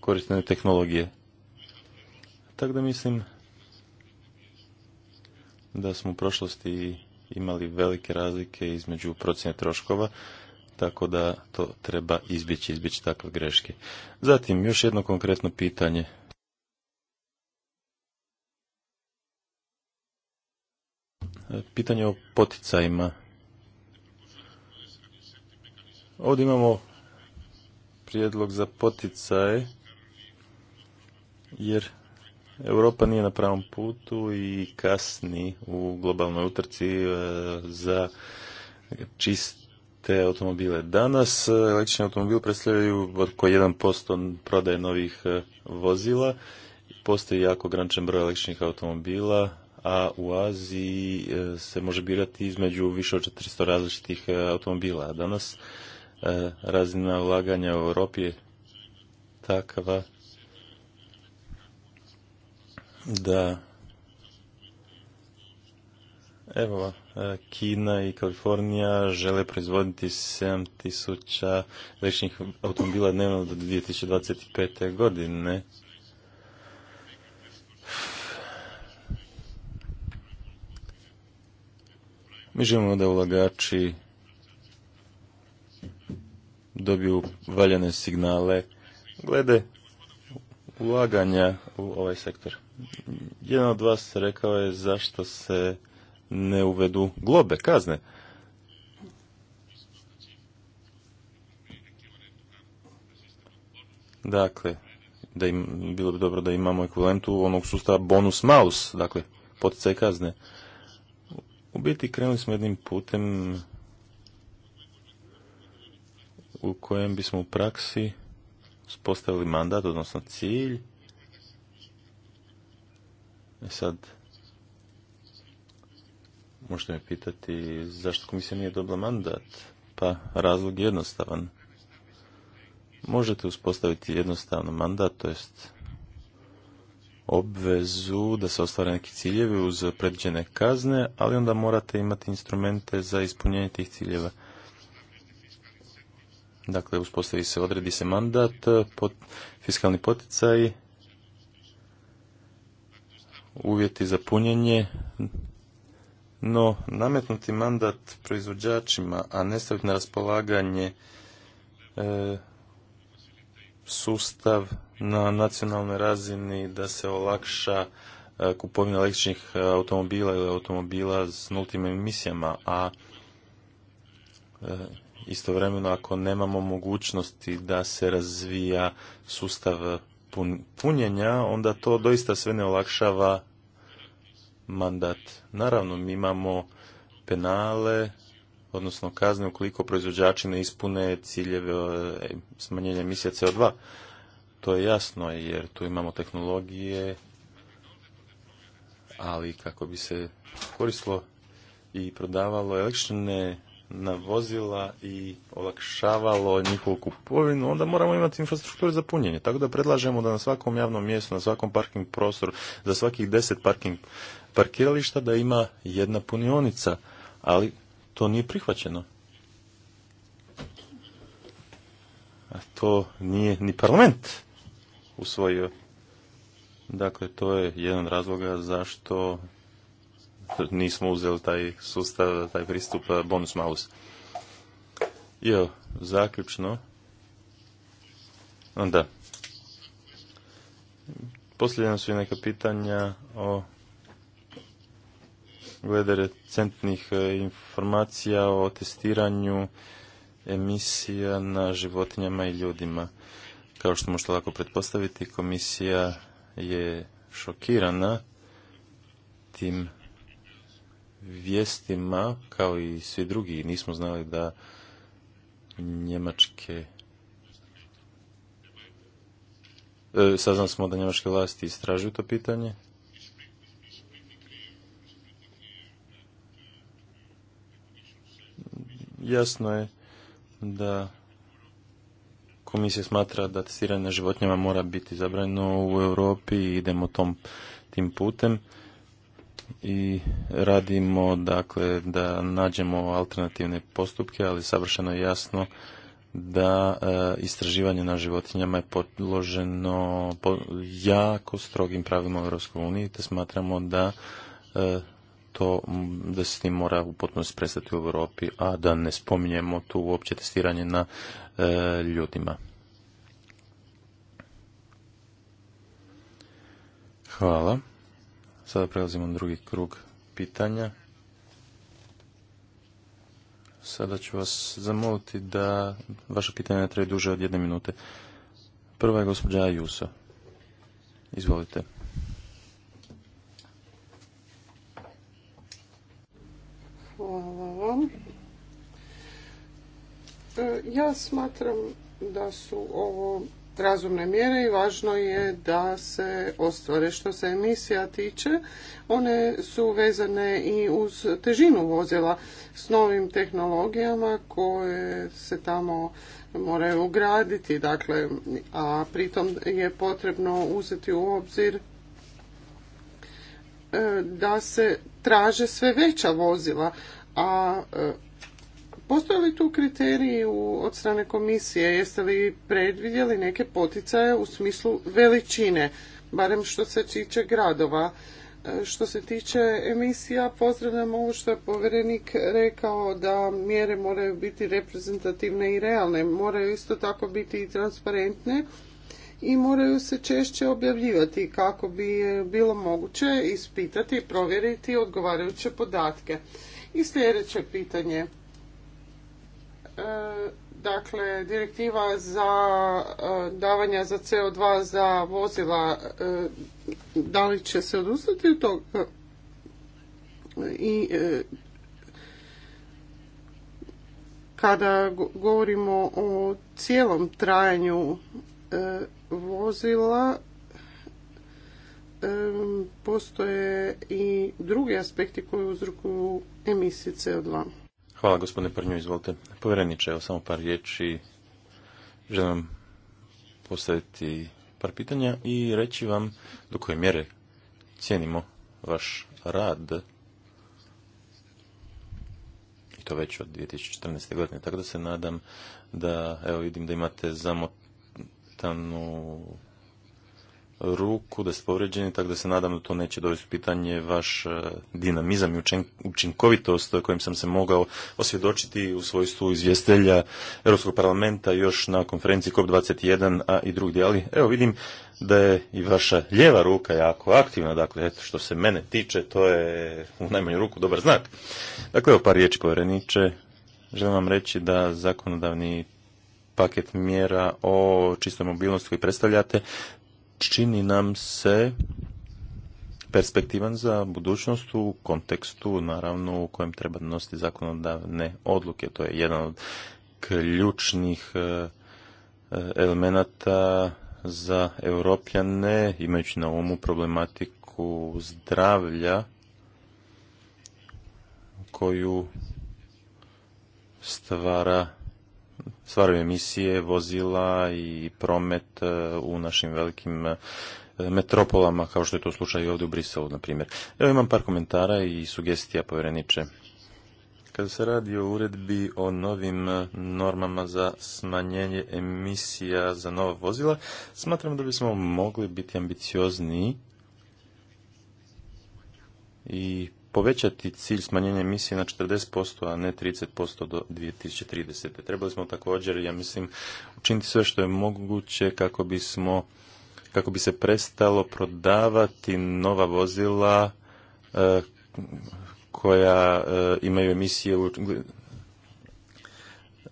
koristene tehnologije. Tako da mislim da smo u prošlosti imali velike razlike između procjene troškova tako da to treba izbjeći, izbjeći takve greške. Zatim, još jedno konkretno pitanje. Pitanje o poticajima. Ovdje imamo prijedlog za poticaje, jer Europa nije na pravom putu i kasni u globalnoj utrci e, za čist te automobile. Danas e, električni automobil predstavljaju oko 1% prodaje novih e, vozila. Postoji jako grančan broj električnih automobila, a u Aziji e, se može birati između više od 400 različitih automobila. danas razina ulaganja u Europi je takva da Evo, e, Kina i Kalifornija žele proizvoditi 7000 električnih automobila dnevno do 2025. godine. Mi želimo da ulagači dobiju valjane signale glede ulaganja u ovaj sektor. Jedan od vas rekao je zašto se ne uvedu globe, kazne. Dakle, da bilo bi dobro da imamo ekvivalentu onog sustava bonus maus dakle, poticaj kazne. U biti krenuli smo jednim putem u kojem bismo u praksi spostavili mandat, odnosno cilj. E sad, Možete me pitati zašto komisija nije dobila mandat? Pa razlog je jednostavan. Možete uspostaviti jednostavno mandat, to jest obvezu da se ostvare neki ciljevi uz predviđene kazne, ali onda morate imati instrumente za ispunjenje tih ciljeva. Dakle, uspostavi se, odredi se mandat, pot, fiskalni poticaj, uvjeti za punjenje no, nametnuti mandat proizvođačima, a ne na raspolaganje e, sustav na nacionalnoj razini da se olakša e, kupovina električnih e, automobila ili automobila s nultim emisijama, a istovremeno ako nemamo mogućnosti da se razvija sustav punjenja, onda to doista sve ne olakšava mandat. Naravno, mi imamo penale, odnosno kazne ukoliko proizvođači ne ispune ciljeve e, smanjenja emisija CO2. To je jasno jer tu imamo tehnologije, ali kako bi se koristilo i prodavalo električne na vozila i olakšavalo njihovu kupovinu, onda moramo imati infrastrukturu za punjenje. Tako da predlažemo da na svakom javnom mjestu, na svakom parking prostoru, za svakih deset parking parkirališta da ima jedna punionica, ali to nije prihvaćeno. A to nije ni parlament usvojio. Dakle, to je jedan razloga zašto nismo uzeli taj sustav, taj pristup eh, bonus malus. I evo, zaključno. Onda. Posljedno su i neka pitanja o glede recentnih eh, informacija o testiranju emisija na životinjama i ljudima. Kao što možete lako pretpostaviti, komisija je šokirana tim vijestima, kao i svi drugi, nismo znali da njemačke e, saznam smo da njemačke vlasti istražuju to pitanje. Jasno je da komisija smatra da testiranje na životinjama mora biti zabranjeno u Europi i idemo tom tim putem i radimo dakle da nađemo alternativne postupke, ali savršeno jasno da e, istraživanje na životinjama je podloženo po jako strogim pravima u Europskoj te smatramo da e, to da se s tim mora u potpunosti prestati u Europi, a da ne spominjemo tu uopće testiranje na e, ljudima. Hvala. Sada prelazimo na drugi krug pitanja. Sada ću vas zamoliti da vaše pitanje ne traje duže od jedne minute. Prva je gospođa Juso. Izvolite. Hvala vam. E, ja smatram da su ovo razumne mjere i važno je da se ostvare. Što se emisija tiče, one su vezane i uz težinu vozila s novim tehnologijama koje se tamo moraju ugraditi, dakle, a pritom je potrebno uzeti u obzir e, da se traže sve veća vozila, a e, Postoje li tu kriteriji od strane komisije? Jeste li predvidjeli neke poticaje u smislu veličine, barem što se tiče gradova? E, što se tiče emisija, pozdravljam ovo što je povjerenik rekao da mjere moraju biti reprezentativne i realne, moraju isto tako biti i transparentne i moraju se češće objavljivati kako bi bilo moguće ispitati i provjeriti odgovarajuće podatke. I sljedeće pitanje. E, dakle direktiva za e, davanja za CO2 za vozila e, da li će se odustati od toga i kada govorimo o cijelom trajanju vozila postoje i drugi aspekti koji uzrokuju emisije CO2. Hvala gospodine Prnju, izvolite. Povjereniče, evo samo par riječi. Želim postaviti par pitanja i reći vam do koje mjere cijenimo vaš rad i to već od 2014. godine, tako da se nadam da, evo vidim da imate zamotanu ruku, da ste povređeni, tako da se nadam da to neće dovesti u pitanje vaš e, dinamizam i učinkovitost kojim sam se mogao osvjedočiti u svojstvu izvjestelja Europskog parlamenta još na konferenciji COP21, a i drugdje. Ali evo vidim da je i vaša ljeva ruka jako aktivna, dakle, što se mene tiče, to je u najmanju ruku dobar znak. Dakle, evo par riječi povjereniče. Želim vam reći da zakonodavni paket mjera o čistoj mobilnosti koji predstavljate čini nam se perspektivan za budućnost u kontekstu naravno u kojem treba donositi zakonodavne odluke. To je jedan od ključnih e, e, elemenata za europljane, imajući na umu problematiku zdravlja koju stvara stvaraju emisije vozila i promet e, u našim velikim e, metropolama, kao što je to slučaj i ovdje u Briselu, na primjer. Evo imam par komentara i sugestija, povjereniče. Kada se radi o uredbi o novim e, normama za smanjenje emisija za nova vozila, smatram da bismo mogli biti ambiciozniji i povećati cilj smanjenja emisije na 40%, a ne 30% do 2030. Trebali smo također, ja mislim, učiniti sve što je moguće kako bismo kako bi se prestalo prodavati nova vozila e, koja e, imaju emisije u,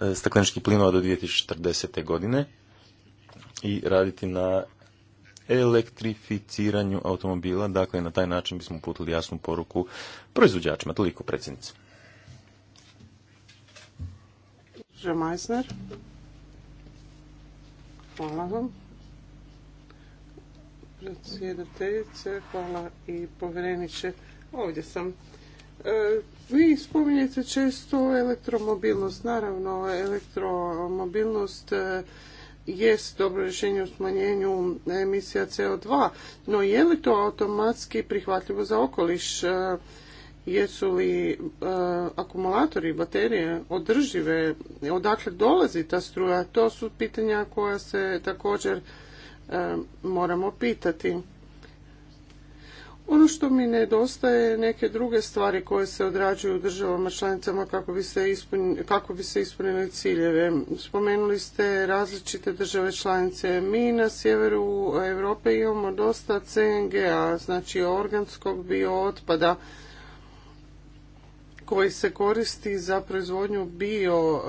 e, stakleničkih plinova do 2040. godine i raditi na elektrificiranju automobila. Dakle, na taj način bismo uputili jasnu poruku proizvođačima. Toliko, predsjednice. Hvala vam. Predsjedateljice, hvala i povjereniče. Ovdje sam. E, vi spominjete često elektromobilnost. Naravno, elektromobilnost e, jest dobro rješenje u smanjenju emisija CO2, no je li to automatski prihvatljivo za okoliš? E, jesu li e, akumulatori, baterije održive? Odakle dolazi ta struja? To su pitanja koja se također e, moramo pitati. Ono što mi nedostaje neke druge stvari koje se odrađuju u državama članicama kako bi se, ispunili, kako bi se ciljeve. Spomenuli ste različite države članice. Mi na sjeveru Europe imamo dosta CNG-a, znači organskog biootpada koji se koristi za proizvodnju bio e,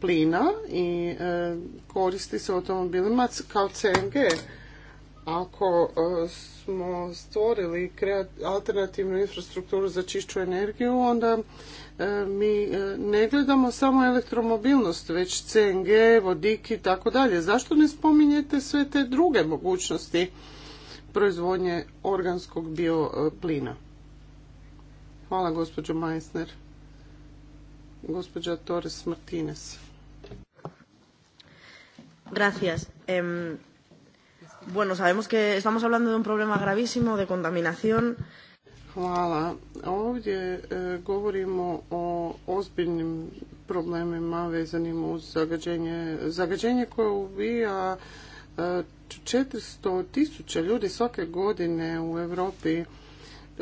plina i e, koristi se automobilima kao CNG. Ako e, smo stvorili alternativnu infrastrukturu za čišću energiju, onda e, mi e, ne gledamo samo elektromobilnost, već CNG, vodik i tako dalje. Zašto ne spominjete sve te druge mogućnosti proizvodnje organskog bioplina? Hvala, gospođo Majsner. Gospođa Torres Martinez. Gracias. Bueno, sabemos que estamos hablando de un problema gravísimo de contaminación. Hvala. Ovdje e, govorimo o ozbiljnim problemima vezanim uz zagađenje. Zagađenje koje ubija 400 e, tisuća ljudi svake godine u Europi.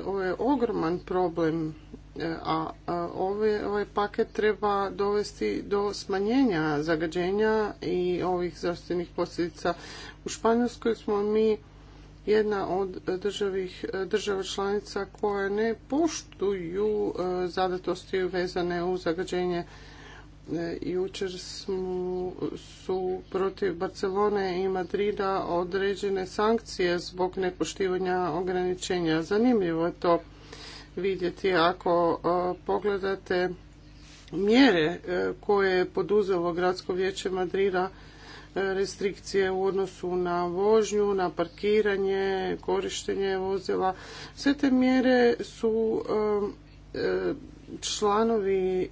Ovo je ogroman problem E, a ovaj, paket treba dovesti do smanjenja zagađenja i ovih zdravstvenih posljedica. U Španjolskoj smo mi jedna od državih, država članica koje ne poštuju e, zadatosti vezane u zagađenje. E, jučer smo, su protiv Barcelone i Madrida određene sankcije zbog nepoštivanja ograničenja. Zanimljivo je to vidjeti ako pogledate mjere e, koje je poduzelo Gradsko vijeće Madrida e, restrikcije u odnosu na vožnju, na parkiranje, korištenje vozila. Sve te mjere su e, članovi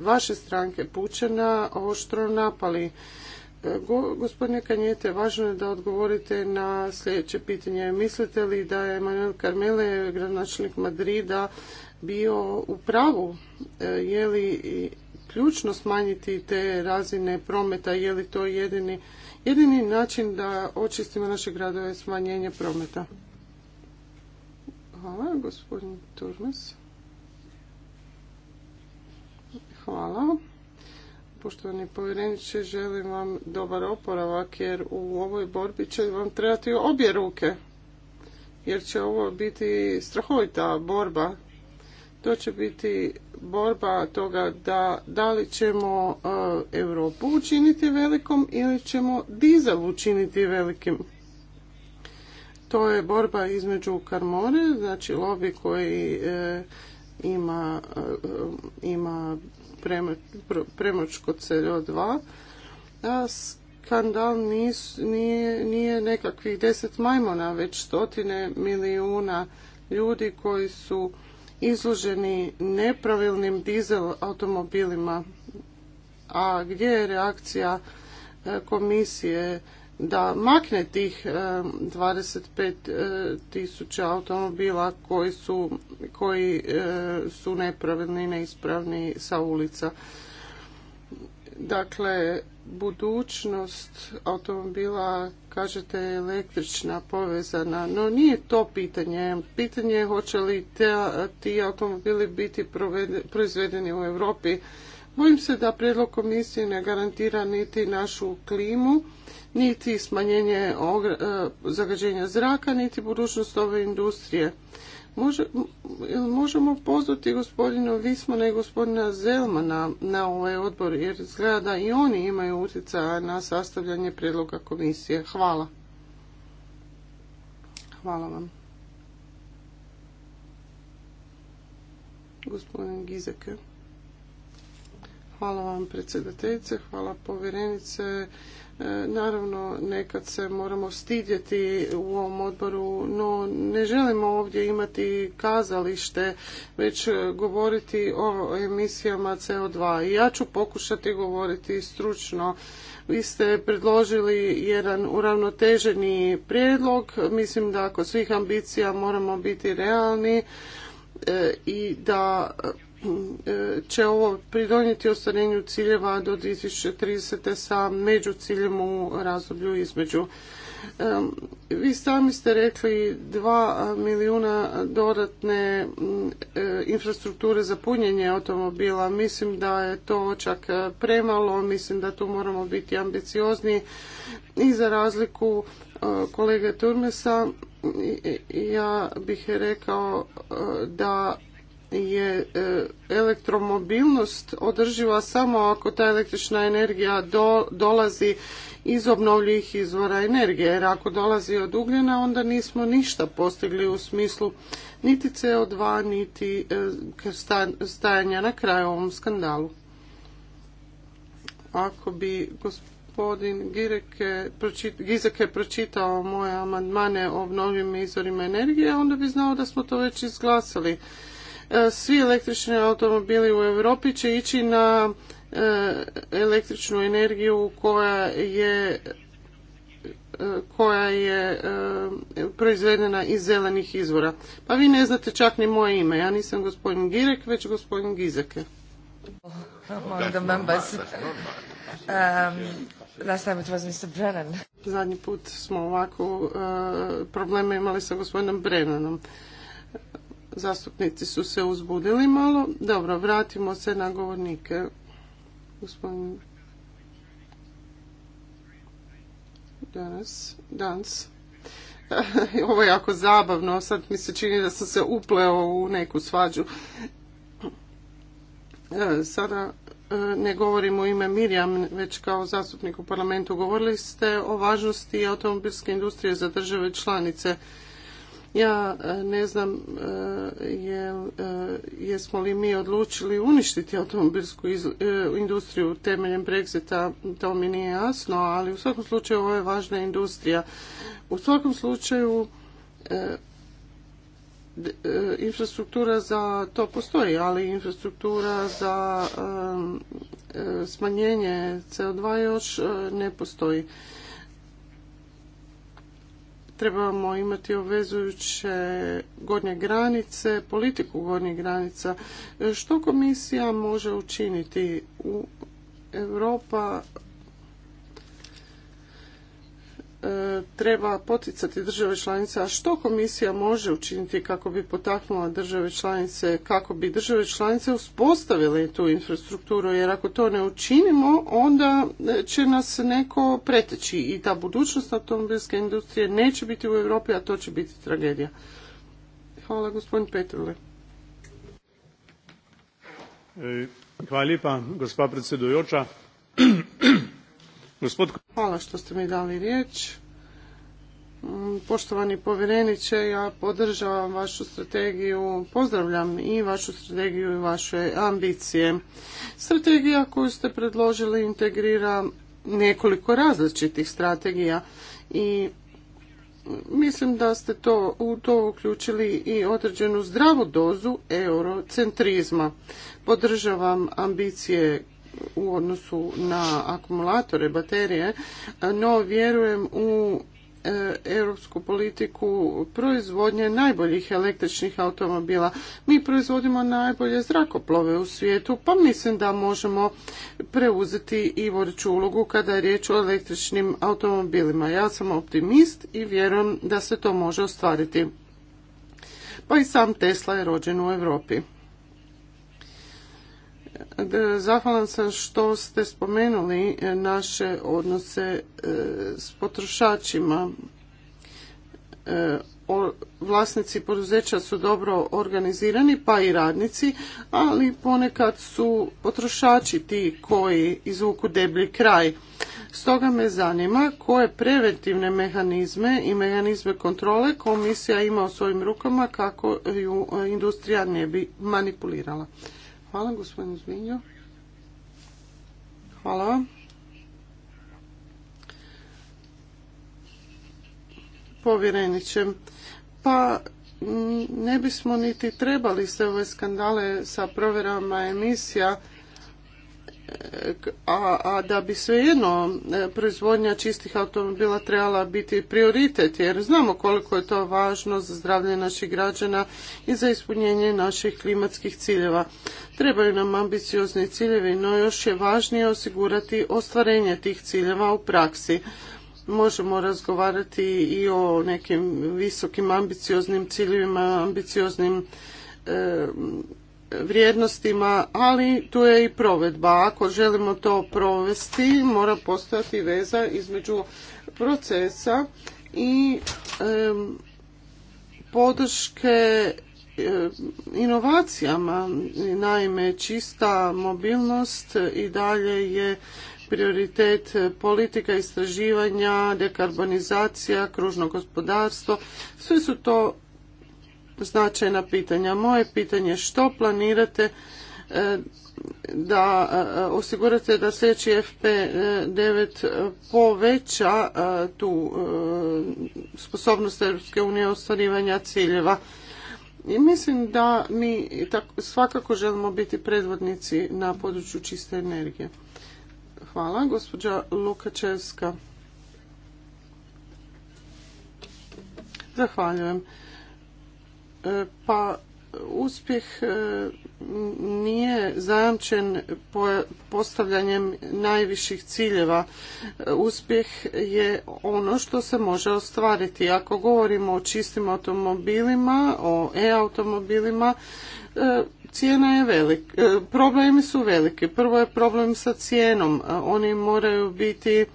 vaše stranke Pučena oštro napali Gospodine Kanjete, važno je da odgovorite na sljedeće pitanje. Mislite li da je Manuel Carmele, gradonačelnik Madrida, bio u pravu? E, je li ključno smanjiti te razine prometa? Je li to jedini, jedini način da očistimo naše gradove smanjenje prometa? Hvala, gospodin Turmes. Hvala poštovani povjereniče, želim vam dobar oporavak jer u ovoj borbi će vam trebati obje ruke. Jer će ovo biti strahovita borba. To će biti borba toga da, da li ćemo e, Europu učiniti velikom ili ćemo dizel učiniti velikim. To je borba između karmore, znači lobi koji e, ima, e, ima premoć kod CO2. skandal nije, nije nekakvih deset majmona, već stotine milijuna ljudi koji su izloženi nepravilnim dizel automobilima. A gdje je reakcija e, komisije da makne tih 25 e, e, tisuća automobila koji su, koji e, su nepravedni i neispravni sa ulica. Dakle, budućnost automobila, kažete, električna, povezana, no nije to pitanje. Pitanje je hoće li te, ti automobili biti proizvedeni u Europi. Bojim se da prijedlog komisije ne garantira niti našu klimu, niti smanjenje e, zagađenja zraka, niti budućnost ove industrije. možemo pozvati gospodinu Vismana i gospodina Zelmana na ovaj odbor, jer zgrada i oni imaju utjecaja na sastavljanje predloga komisije. Hvala. Hvala vam. Gospodin Gizeke. Hvala vam predsjedateljice, hvala povjerenice E, naravno, nekad se moramo stidjeti u ovom odboru, no ne želimo ovdje imati kazalište, već e, govoriti o emisijama CO2. I ja ću pokušati govoriti stručno. Vi ste predložili jedan uravnoteženi prijedlog. Mislim da kod svih ambicija moramo biti realni e, i da će ovo pridonijeti ostvarenju ciljeva do 2030. sa među ciljem u razdoblju između. Vi sami ste rekli 2 milijuna dodatne mm, e, infrastrukture za punjenje automobila. Mislim da je to čak premalo, mislim da tu moramo biti ambiciozni i za razliku e, kolege Turmesa ja bih rekao e, da je e, elektromobilnost održiva samo ako ta električna energija dolazi iz obnovljivih izvora energije. Jer ako dolazi od ugljena onda nismo ništa postigli u smislu niti CO2 niti e, stajanja na kraju ovom skandalu. Ako bi gospodin Gireke, Gizeke pročitao moje amandmane o obnovljivim izvorima energije, onda bi znao da smo to već izglasali. E, svi električni automobili u Europi će ići na e, električnu energiju koja je e, koja je proizvedena iz zelenih izvora. Pa vi ne znate čak ni moje ime. Ja nisam gospodin Girek, već gospodin Gizeke. Zadnji put smo ovako probleme imali sa gospodinom Brennanom. Zastupnici su se uzbudili malo. Dobro, vratimo se na govornike. Gospodin Danas, Ovo je jako zabavno, sad mi se čini da sam se upleo u neku svađu. E, sada e, ne govorim u ime Mirjam, već kao zastupnik u parlamentu. Govorili ste o važnosti automobilske industrije za države članice. Ja e, ne znam e, je, e, jesmo li mi odlučili uništiti automobilsku industriju temeljem Brexita, to mi nije jasno, ali u svakom slučaju ovo je važna industrija. U svakom slučaju infrastruktura za to postoji, ali infrastruktura za smanjenje CO2 još ne postoji trebamo imati obvezujuće gornje granice, politiku gornjih granica. E, što komisija može učiniti? U Europa E, treba poticati države članice, a što komisija može učiniti kako bi potaknula države članice, kako bi države članice uspostavile tu infrastrukturu, jer ako to ne učinimo, onda e, će nas neko preteći i ta budućnost automobilske industrije neće biti u Europi, a to će biti tragedija. Hvala gospodin Petrule. E, hvala lijepa, gospa Hvala što ste mi dali riječ. Mm, Poštovani povjereniče, ja podržavam vašu strategiju, pozdravljam i vašu strategiju i vaše ambicije. Strategija koju ste predložili integrira nekoliko različitih strategija i mislim da ste to, u to uključili i određenu zdravu dozu eurocentrizma. Podržavam ambicije u odnosu na akumulatore, baterije, no vjerujem u e, europsku politiku proizvodnje najboljih električnih automobila. Mi proizvodimo najbolje zrakoplove u svijetu, pa mislim da možemo preuzeti i vodeću ulogu kada je riječ o električnim automobilima. Ja sam optimist i vjerujem da se to može ostvariti. Pa i sam Tesla je rođen u Europi zahvalan sam što ste spomenuli naše odnose e, s potrošačima. E, vlasnici poduzeća su dobro organizirani, pa i radnici, ali ponekad su potrošači ti koji izvuku deblji kraj. Stoga me zanima koje preventivne mehanizme i mehanizme kontrole komisija ima u svojim rukama kako ju industrija ne bi manipulirala. Hvala gospodinu Hvala vam. Povjereniće, pa ne bismo niti trebali sve ove skandale sa provjerama emisija a, a da bi svejedno e, proizvodnja čistih automobila trebala biti prioritet jer znamo koliko je to važno za zdravlje naših građana i za ispunjenje naših klimatskih ciljeva. Trebaju nam ambiciozni ciljevi, no još je važnije osigurati ostvarenje tih ciljeva u praksi. Možemo razgovarati i o nekim visokim ambicioznim ciljevima, ambicioznim e, vrijednostima, ali tu je i provedba. Ako želimo to provesti, mora postojati veza između procesa i podrške inovacijama. Naime, čista mobilnost i dalje je prioritet politika istraživanja, dekarbonizacija, kružno gospodarstvo. Sve su to značajna pitanja. Moje pitanje je što planirate e, da e, osigurate da sljedeći FP9 poveća e, tu sposobnost Europske unije ostvarivanja ciljeva. I mislim da mi svakako želimo biti predvodnici na području čiste energije. Hvala. Gospođa Lukačevska. Zahvaljujem pa uspjeh e, nije zajamčen postavljanjem najviših ciljeva. Uspjeh je ono što se može ostvariti. Ako govorimo o čistim automobilima, o e-automobilima, e, cijena je velik e, Problemi su veliki. Prvo je problem sa cijenom. Oni moraju biti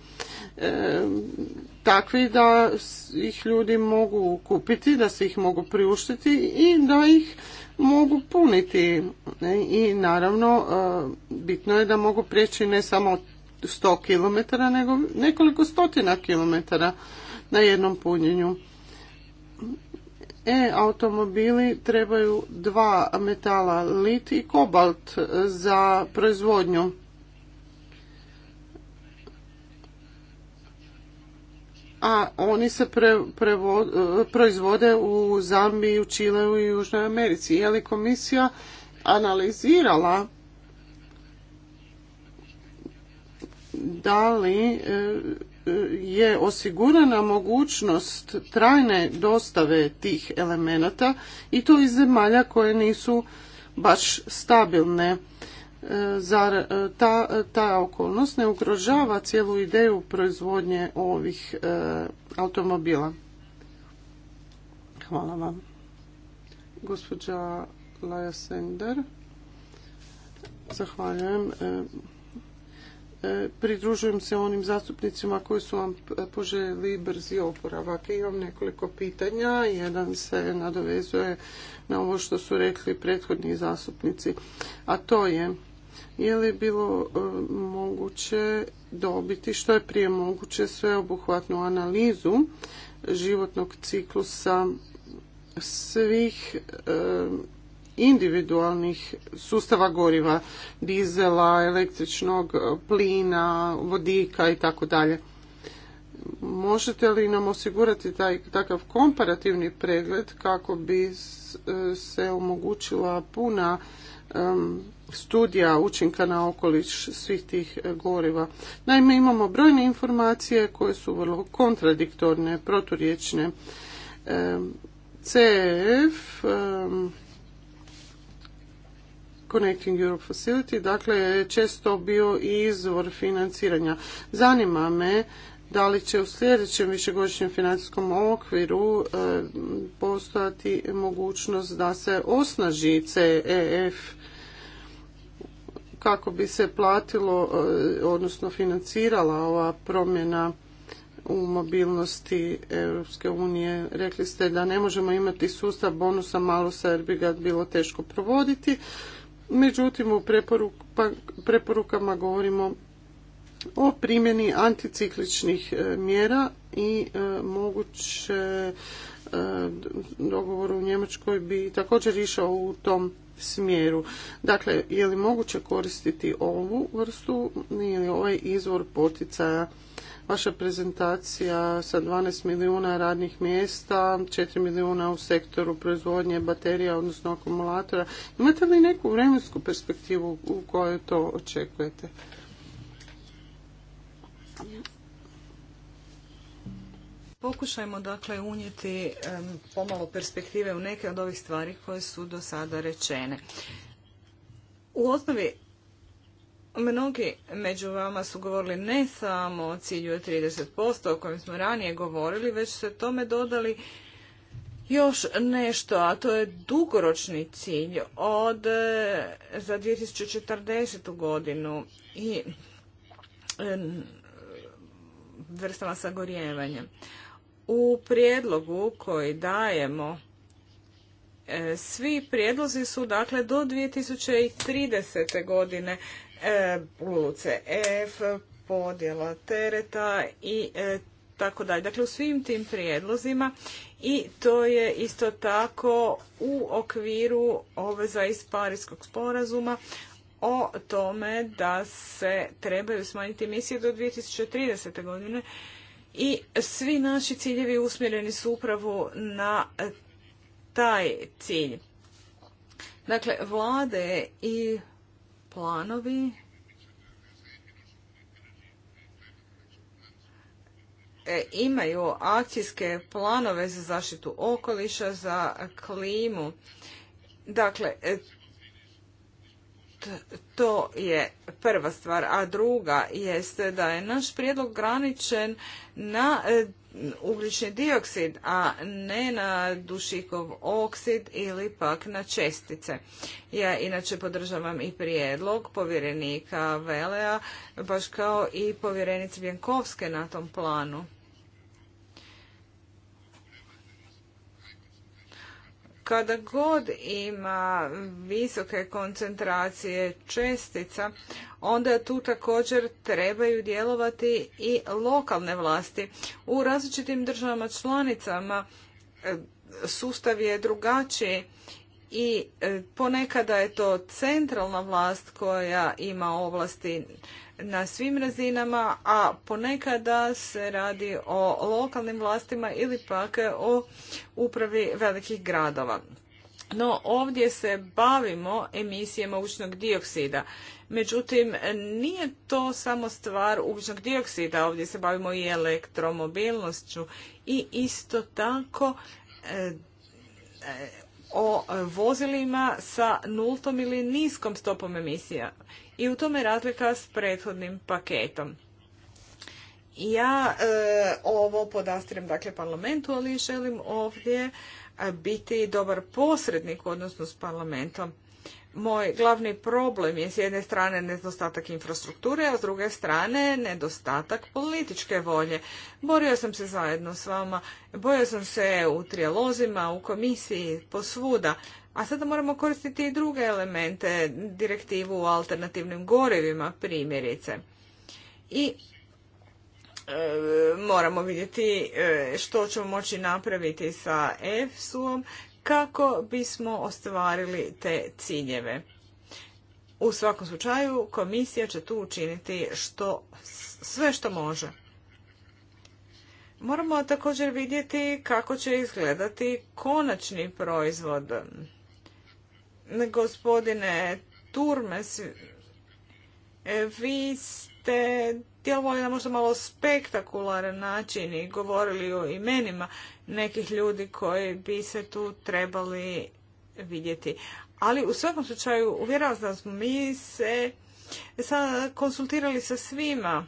takvi da ih ljudi mogu kupiti, da se ih mogu priuštiti i da ih mogu puniti. E, I naravno e, bitno je da mogu prijeći ne samo 100 km, nego nekoliko stotina kilometara na jednom punjenju. E-automobili trebaju dva metala, lit i kobalt za proizvodnju a oni se e, proizvode u Zambiji, u Čileu i Južnoj Americi. Je li komisija analizirala da li e, je osigurana mogućnost trajne dostave tih elemenata i to iz zemalja koje nisu baš stabilne zar e, ta, ta okolnost ne ugrožava cijelu ideju proizvodnje ovih e, automobila? Hvala vam. Gospođa Laja Sender. Zahvaljujem. E, pridružujem se onim zastupnicima koji su vam poželi brzi oporavak. Imam nekoliko pitanja. Jedan se nadovezuje na ovo što su rekli prethodni zastupnici. A to je je li bilo e, moguće dobiti što je prije moguće sveobuhvatnu analizu životnog ciklusa svih e, individualnih sustava goriva, dizela, električnog plina, vodika i tako dalje. Možete li nam osigurati taj, takav komparativni pregled kako bi e, se omogućila puna studija učinka na okoliš svih tih e, goriva. Naime, imamo brojne informacije koje su vrlo kontradiktorne, proturječne. E, CEF e, Connecting Europe Facility, dakle, često bio i izvor financiranja. Zanima me da li će u sljedećem višegodišnjem financijskom okviru postojati mogućnost da se osnaži CEF kako bi se platilo, e, odnosno financirala ova promjena u mobilnosti Europske unije. Rekli ste da ne možemo imati sustav bonusa malo jer bi ga bilo teško provoditi. Međutim, u preporukama govorimo o primjeni anticikličnih e, mjera i e, moguće dogovor u Njemačkoj bi također išao u tom smjeru. Dakle, je li moguće koristiti ovu vrstu ili ovaj izvor poticaja? Vaša prezentacija sa 12 milijuna radnih mjesta, 4 milijuna u sektoru proizvodnje baterija, odnosno akumulatora. Imate li neku vremensku perspektivu u kojoj to očekujete? Pokušajmo dakle unijeti pomalo perspektive u neke od ovih stvari koje su do sada rečene. U osnovi Mnogi među vama su govorili ne samo o cilju 30% o kojem smo ranije govorili, već su tome dodali još nešto, a to je dugoročni cilj od e, za 2040. godinu i vrstama sagorijevanja. U prijedlogu koji dajemo, e, svi prijedlozi su dakle do 2030. godine e, F, podjela tereta i e, tako dalje. Dakle, u svim tim prijedlozima i to je isto tako u okviru obveza iz Parijskog sporazuma o tome da se trebaju smanjiti emisije do 2030. godine i svi naši ciljevi usmjereni su upravo na e, taj cilj. Dakle, vlade i planovi e, imaju akcijske planove za zaštitu okoliša, za klimu. Dakle, e, to je prva stvar. A druga jeste da je naš prijedlog graničen na e, ugljični dioksid, a ne na dušikov oksid ili pak na čestice. Ja inače podržavam i prijedlog povjerenika Velea, baš kao i povjerenice Vjenkovske na tom planu. Kada god ima visoke koncentracije čestica, onda tu također trebaju djelovati i lokalne vlasti. U različitim državama članicama e, sustav je drugačiji i e, ponekada je to centralna vlast koja ima ovlasti na svim razinama, a ponekada se radi o lokalnim vlastima ili pak o upravi velikih gradova. No ovdje se bavimo emisijama ugljičnog dioksida. Međutim, nije to samo stvar ugljičnog dioksida, ovdje se bavimo i elektromobilnošću i isto tako e, e, o vozilima sa nultom ili niskom stopom emisija i u tome razlika s prethodnim paketom. Ja e, ovo podastrem dakle parlamentu, ali želim ovdje e, biti dobar posrednik odnosno s parlamentom. Moj glavni problem je s jedne strane nedostatak infrastrukture, a s druge strane nedostatak političke volje. Borio sam se zajedno s vama, borio sam se u trijalozima, u komisiji, posvuda. A sada moramo koristiti i druge elemente, direktivu o alternativnim gorivima primjerice. I e, moramo vidjeti e, što ćemo moći napraviti sa EFSU-om kako bismo ostvarili te ciljeve. U svakom slučaju komisija će tu učiniti što, sve što može. Moramo također vidjeti kako će izgledati konačni proizvod Gospodine Turmes, e, vi ste djelovali na možda malo spektakularan način i govorili o imenima nekih ljudi koji bi se tu trebali vidjeti. Ali u svakom slučaju uvjeravam da smo mi se konsultirali sa svima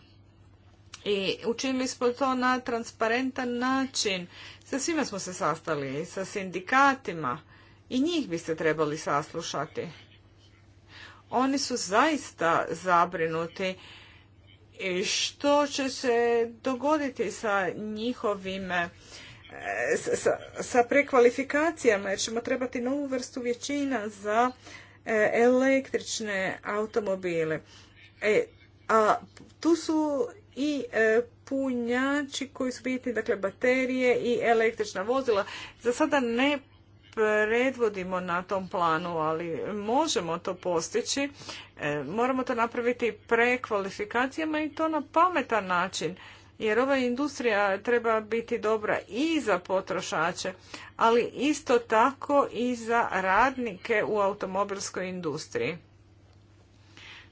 i učinili smo to na transparentan način. Sa svima smo se sastali, sa sindikatima, i njih se trebali saslušati. Oni su zaista zabrinuti što će se dogoditi sa njihovim e, sa, prekvalifikacijama jer ćemo trebati novu vrstu vječina za e, električne automobile. E, a tu su i e, punjači koji su bitni, dakle baterije i električna vozila. Za sada ne predvodimo na tom planu, ali možemo to postići. E, moramo to napraviti prekvalifikacijama i to na pametan način. Jer ova industrija treba biti dobra i za potrošače, ali isto tako i za radnike u automobilskoj industriji.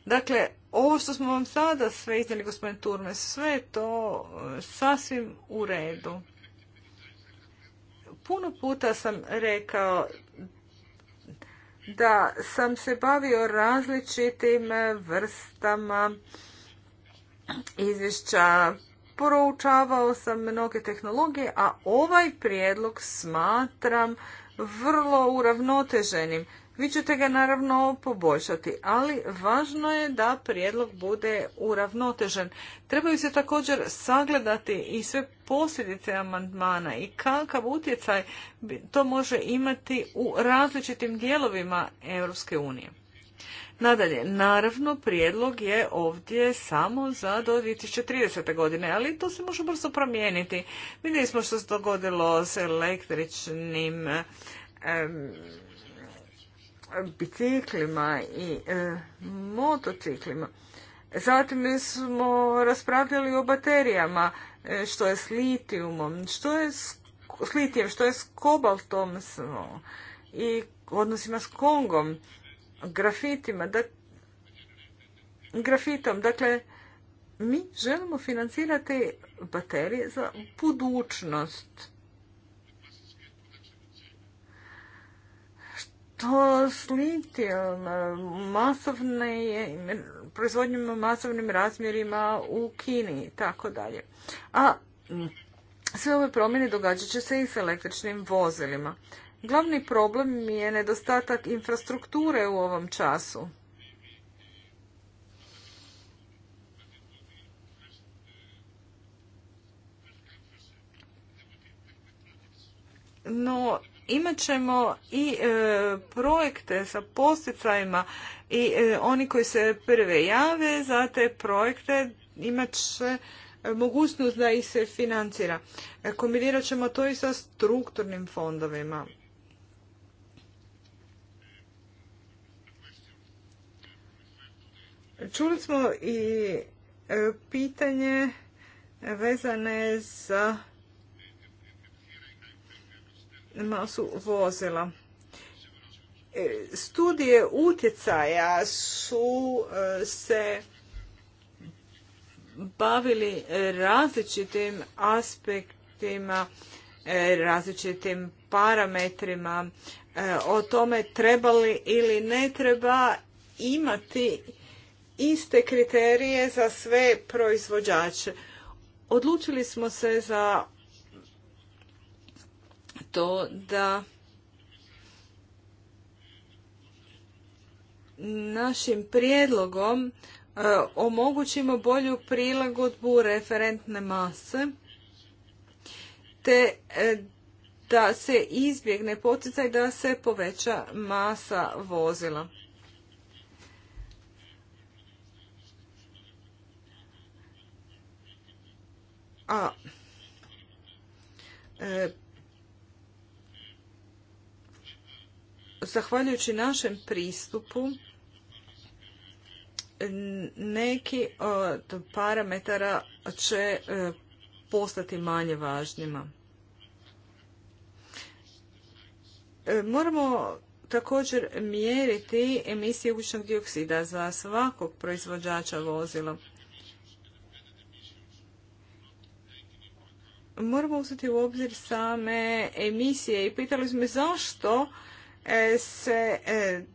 Dakle, ovo što smo vam sada sve iznijeli, gospodin Turmes, sve je to e, sasvim u redu. Puno puta sam rekao da sam se bavio različitim vrstama izvješća. Proučavao sam mnoge tehnologije, a ovaj prijedlog smatram vrlo uravnoteženim. Vi ćete ga naravno poboljšati, ali važno je da prijedlog bude uravnotežen. Trebaju se također sagledati i sve posljedice amandmana i kakav utjecaj to može imati u različitim dijelovima Europske unije. Nadalje, naravno, prijedlog je ovdje samo za do 2030. godine, ali to se može brzo promijeniti. Vidjeli smo što se dogodilo s električnim biciklima i e, motociklima. Zatim smo raspravljali o baterijama, e, što je s litijumom, što je s, litijem, što je s kobaltom i odnosima s Kongom, grafitima, grafitom. Dakle, mi želimo financirati baterije za budućnost. to s um, masovne, proizvodnjom masovnim razmjerima u Kini i tako dalje. A sve ove promjene događat će se i s električnim vozilima. Glavni problem je nedostatak infrastrukture u ovom času. No, imat ćemo i e, projekte sa posticajima i e, oni koji se prve jave za te projekte imat će e, mogućnost da ih se financira. Kombinirat ćemo to i sa strukturnim fondovima. Čuli smo i pitanje vezane za masu vozila. E, studije utjecaja su e, se bavili različitim aspektima, e, različitim parametrima, o tome treba li ili ne treba imati iste kriterije za sve proizvođače. Odlučili smo se za to da našim prijedlogom e, omogućimo bolju prilagodbu referentne mase te e, da se izbjegne poticaj da se poveća masa vozila. A e, zahvaljujući našem pristupu neki od parametara će e, postati manje važnima. E, moramo također mjeriti emisije ugljičnog dioksida za svakog proizvođača vozila. Moramo uzeti u obzir same emisije i pitali smo zašto E, se e,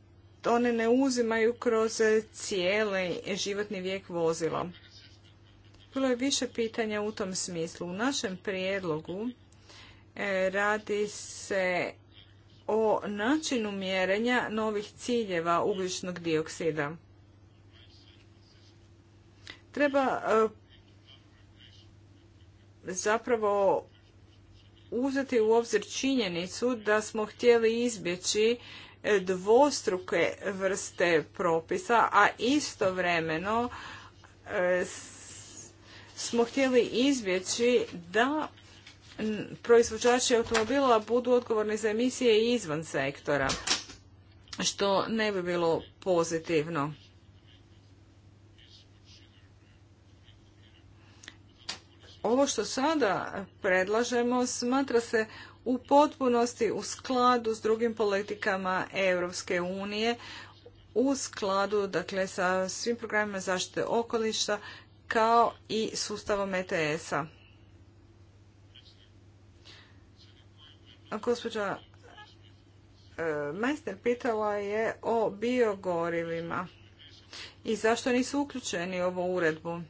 one ne uzimaju kroz cijeli životni vijek vozila. Bilo je više pitanja u tom smislu. U našem prijedlogu e, radi se o načinu mjerenja novih ciljeva ugljičnog dioksida. Treba zapravo uzeti u obzir činjenicu da smo htjeli izbjeći e, dvostruke vrste propisa, a istovremeno e, smo htjeli izbjeći da proizvođači automobila budu odgovorni za emisije izvan sektora, što ne bi bilo pozitivno. Ovo što sada predlažemo smatra se u potpunosti u skladu s drugim politikama Europske unije, u skladu dakle, sa svim programima zaštite okoliša kao i sustavom ETS-a. Gospođa e, Majster pitala je o biogorivima i zašto nisu uključeni u ovu uredbu.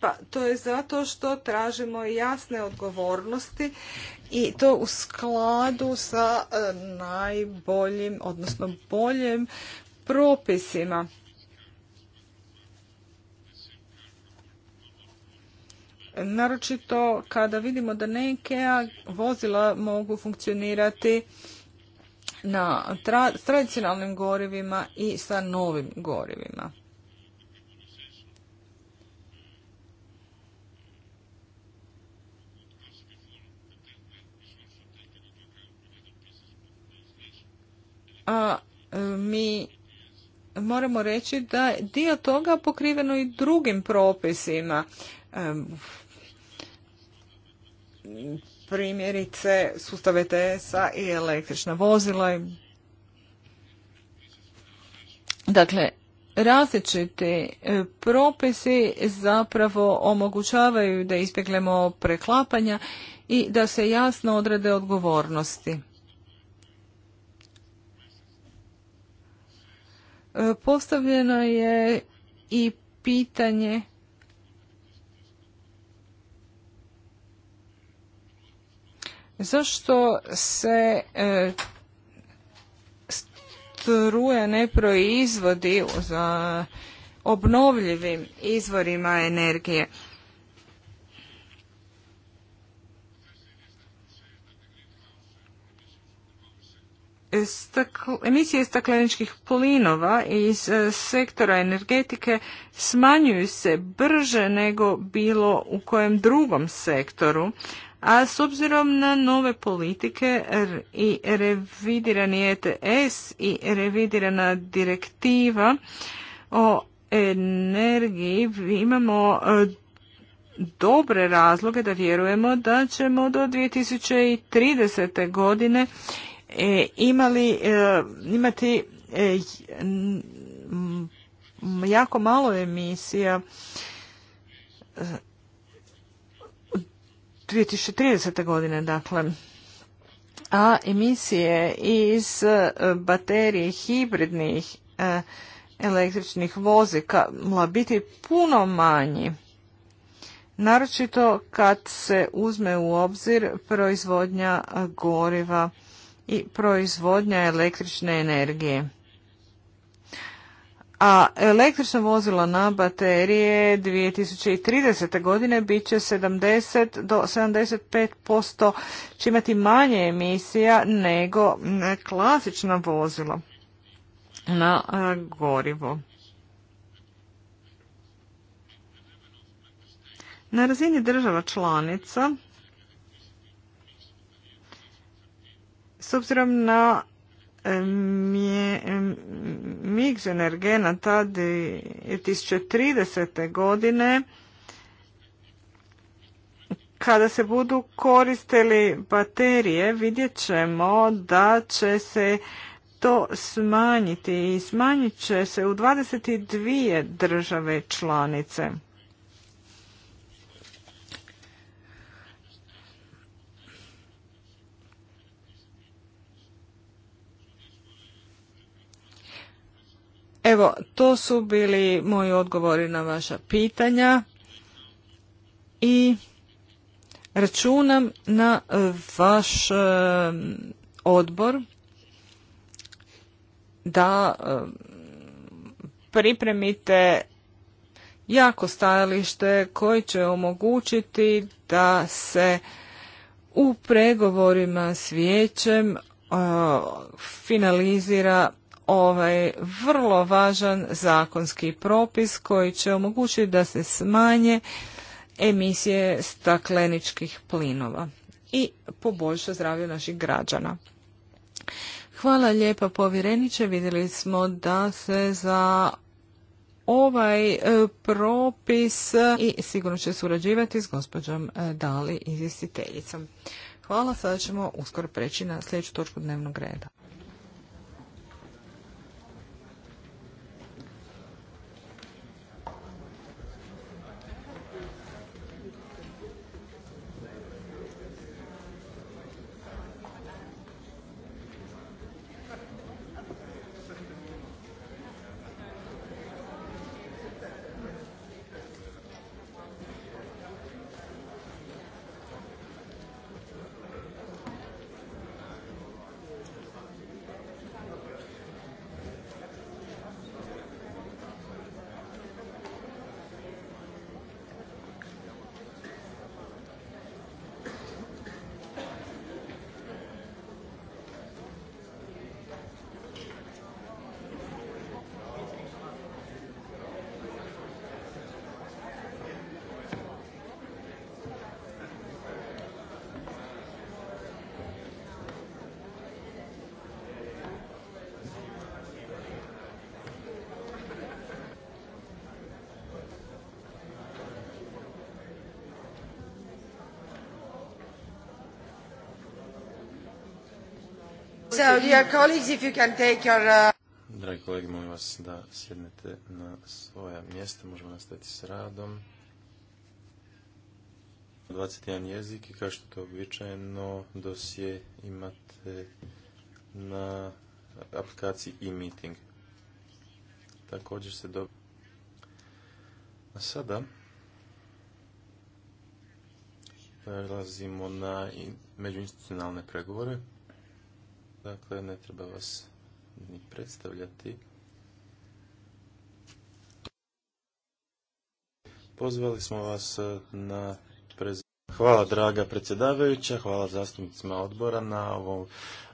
Pa to je zato što tražimo jasne odgovornosti i to u skladu sa e, najboljim, odnosno boljim propisima. Naročito kada vidimo da neke vozila mogu funkcionirati na tradicionalnim gorivima i sa novim gorivima. a e, mi moramo reći da dio toga pokriveno i drugim propisima. E, primjerice sustave ETS-a i električna vozila. Dakle, različiti e, propisi zapravo omogućavaju da izbjeglemo preklapanja i da se jasno odrede odgovornosti. E, postavljeno je i pitanje zašto se e, struja ne proizvodi za obnovljivim izvorima energije. emisije stakleničkih plinova iz e, sektora energetike smanjuju se brže nego bilo u kojem drugom sektoru, a s obzirom na nove politike i revidirani ETS i revidirana direktiva o energiji imamo e, dobre razloge da vjerujemo da ćemo do 2030. godine E, imali, e, imati e, jako malo emisija 2030. godine, dakle. A emisije iz baterije hibridnih električnih vozika mla biti puno manji. Naročito kad se uzme u obzir proizvodnja goriva i proizvodnja električne energije. A električna vozila na baterije 2030. godine bit će 70 do 75% će imati manje emisija nego mm, klasično vozilo na gorivo. Na razini država članica S obzirom na miks energenata 2030. godine kada se budu koristili baterije vidjet ćemo da će se to smanjiti i smanjit će se u 22 države članice. Evo, to su bili moji odgovori na vaša pitanja i računam na vaš odbor da pripremite jako stajalište koje će omogućiti da se u pregovorima s vijećem finalizira ovaj vrlo važan zakonski propis koji će omogućiti da se smanje emisije stakleničkih plinova i poboljša zdravlje naših građana. Hvala lijepa povjereniče, vidjeli smo da se za ovaj e, propis e, i sigurno će surađivati s gospođom e, Dali izvjestiteljicom. Hvala, sada ćemo uskoro preći na sljedeću točku dnevnog reda. Uh, Dragi kolegi, molim vas da sjednete na svoja mjesta. Možemo nastaviti s radom. 21 jezik i kao što to običajeno dosje imate na aplikaciji e-meeting. Također se dobro... A sada prelazimo na međuinstitucionalne pregovore dakle ne treba vas ni predstavljati. Pozvali smo vas e, na prezentaciju. Hvala draga predsjedavajuća, hvala zastupnicima odbora na ovom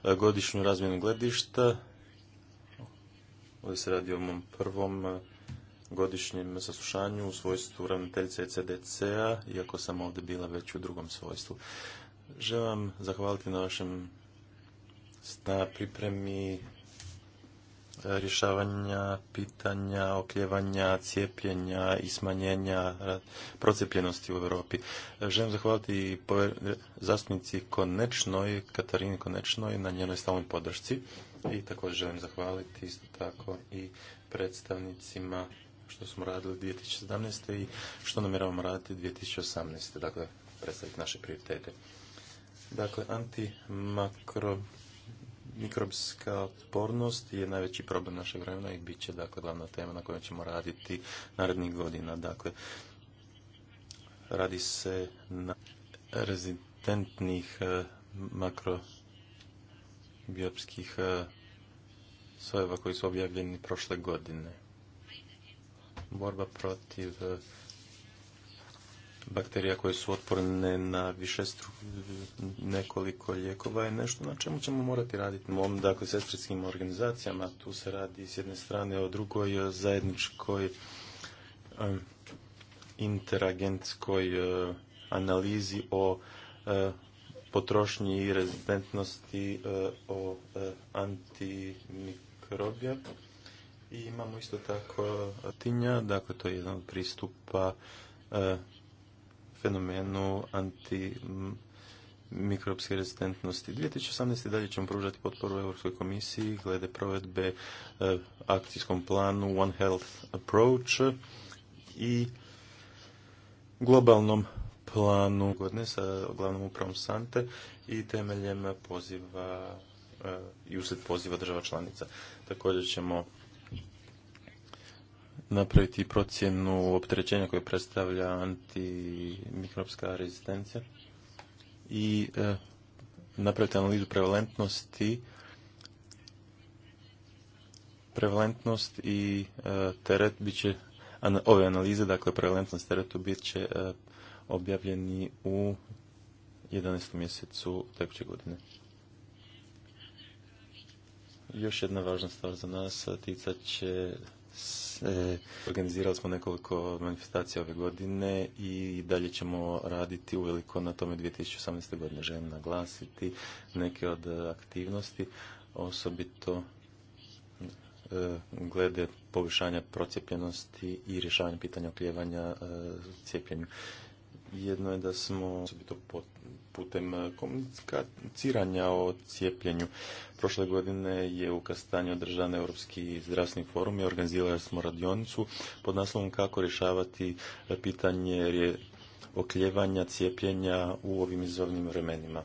e, godišnju razmjenu gledišta. Ovdje se radi o mom prvom e, godišnjem saslušanju u svojstvu ravnateljice CDC-a, iako sam ovdje bila već u drugom svojstvu. Želim vam zahvaliti na vašem na pripremi e, rješavanja pitanja okljevanja, cijepljenja i smanjenja procijepljenosti u Europi. E, želim zahvaliti zastupnici Konečnoj, Katarini Konečnoj na njenoj stalnoj podršci i također želim zahvaliti isto tako i predstavnicima što smo radili 2017. i što namjeravamo raditi 2018. Dakle, predstaviti naše prioritete. Dakle, antimakro mikrobska otpornost je najveći problem našeg vremena i bit će dakle glavna tema na kojoj ćemo raditi narednih godina. Dakle, radi se na rezidentnih e, makrobiopskih e, sojeva koji su objavljeni prošle godine. Borba protiv e, bakterija koje su otporne na više stru... nekoliko lijekova je nešto na čemu ćemo morati raditi mom, dakle, sestrinskim organizacijama. Tu se radi s jedne strane o drugoj e, zajedničkoj um, e, interagentskoj e, analizi o potrošnji i rezistentnosti o antimikrobija. I imamo isto tako tinja, dakle to je jedan od pristupa fenomenu antimikropske rezistentnosti. 2018. dalje ćemo pružati potporu Europskoj komisiji glede provedbe eh, akcijskom planu One Health Approach i globalnom planu godine sa glavnom upravom Sante i temeljem poziva eh, i uslijed poziva država članica. Također ćemo napraviti procjenu opterećenja koje predstavlja antimikropska rezistencija i e, napraviti analizu prevalentnosti prevalentnost i e, teret bit će ove analize, dakle prevalentnost teretu bit će e, objavljeni u 11. mjesecu tekuće godine. Još jedna važna stvar za nas ticat će organizirali smo nekoliko manifestacija ove godine i dalje ćemo raditi uveliko na tome 2018. godine. Želim naglasiti neke od aktivnosti, osobito e, glede povišanja procijepljenosti i rješavanja pitanja okljevanja e, cijepljenju. Jedno je da smo osobito putem eh, komuniciranja o cijepljenju. Prošle godine je u Kastanju održan Europski zdravstveni forum i organizirali smo radionicu pod naslovom kako rješavati eh, pitanje okljevanja cijepljenja u ovim izazovnim vremenima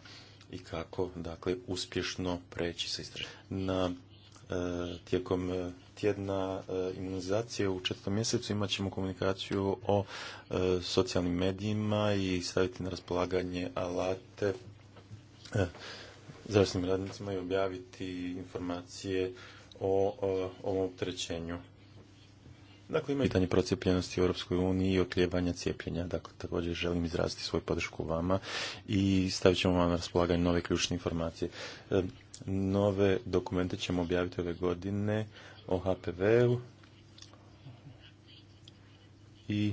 i kako dakle uspješno preći sa istraživanjem. Na eh, tijekom tjedna e, imunizacije u četvrtom mjesecu imat ćemo komunikaciju o e, socijalnim medijima i staviti na raspolaganje alate e, zdravstvenim radnicima i objaviti informacije o ovom opterećenju. Dakle, ima pitanje procijepljenosti u Europskoj uniji i okljevanja cijepljenja. Dakle, također želim izraziti svoju podršku vama i stavit ćemo vam na raspolaganje nove ključne informacije. Nove dokumente ćemo objaviti ove godine o HPV-u i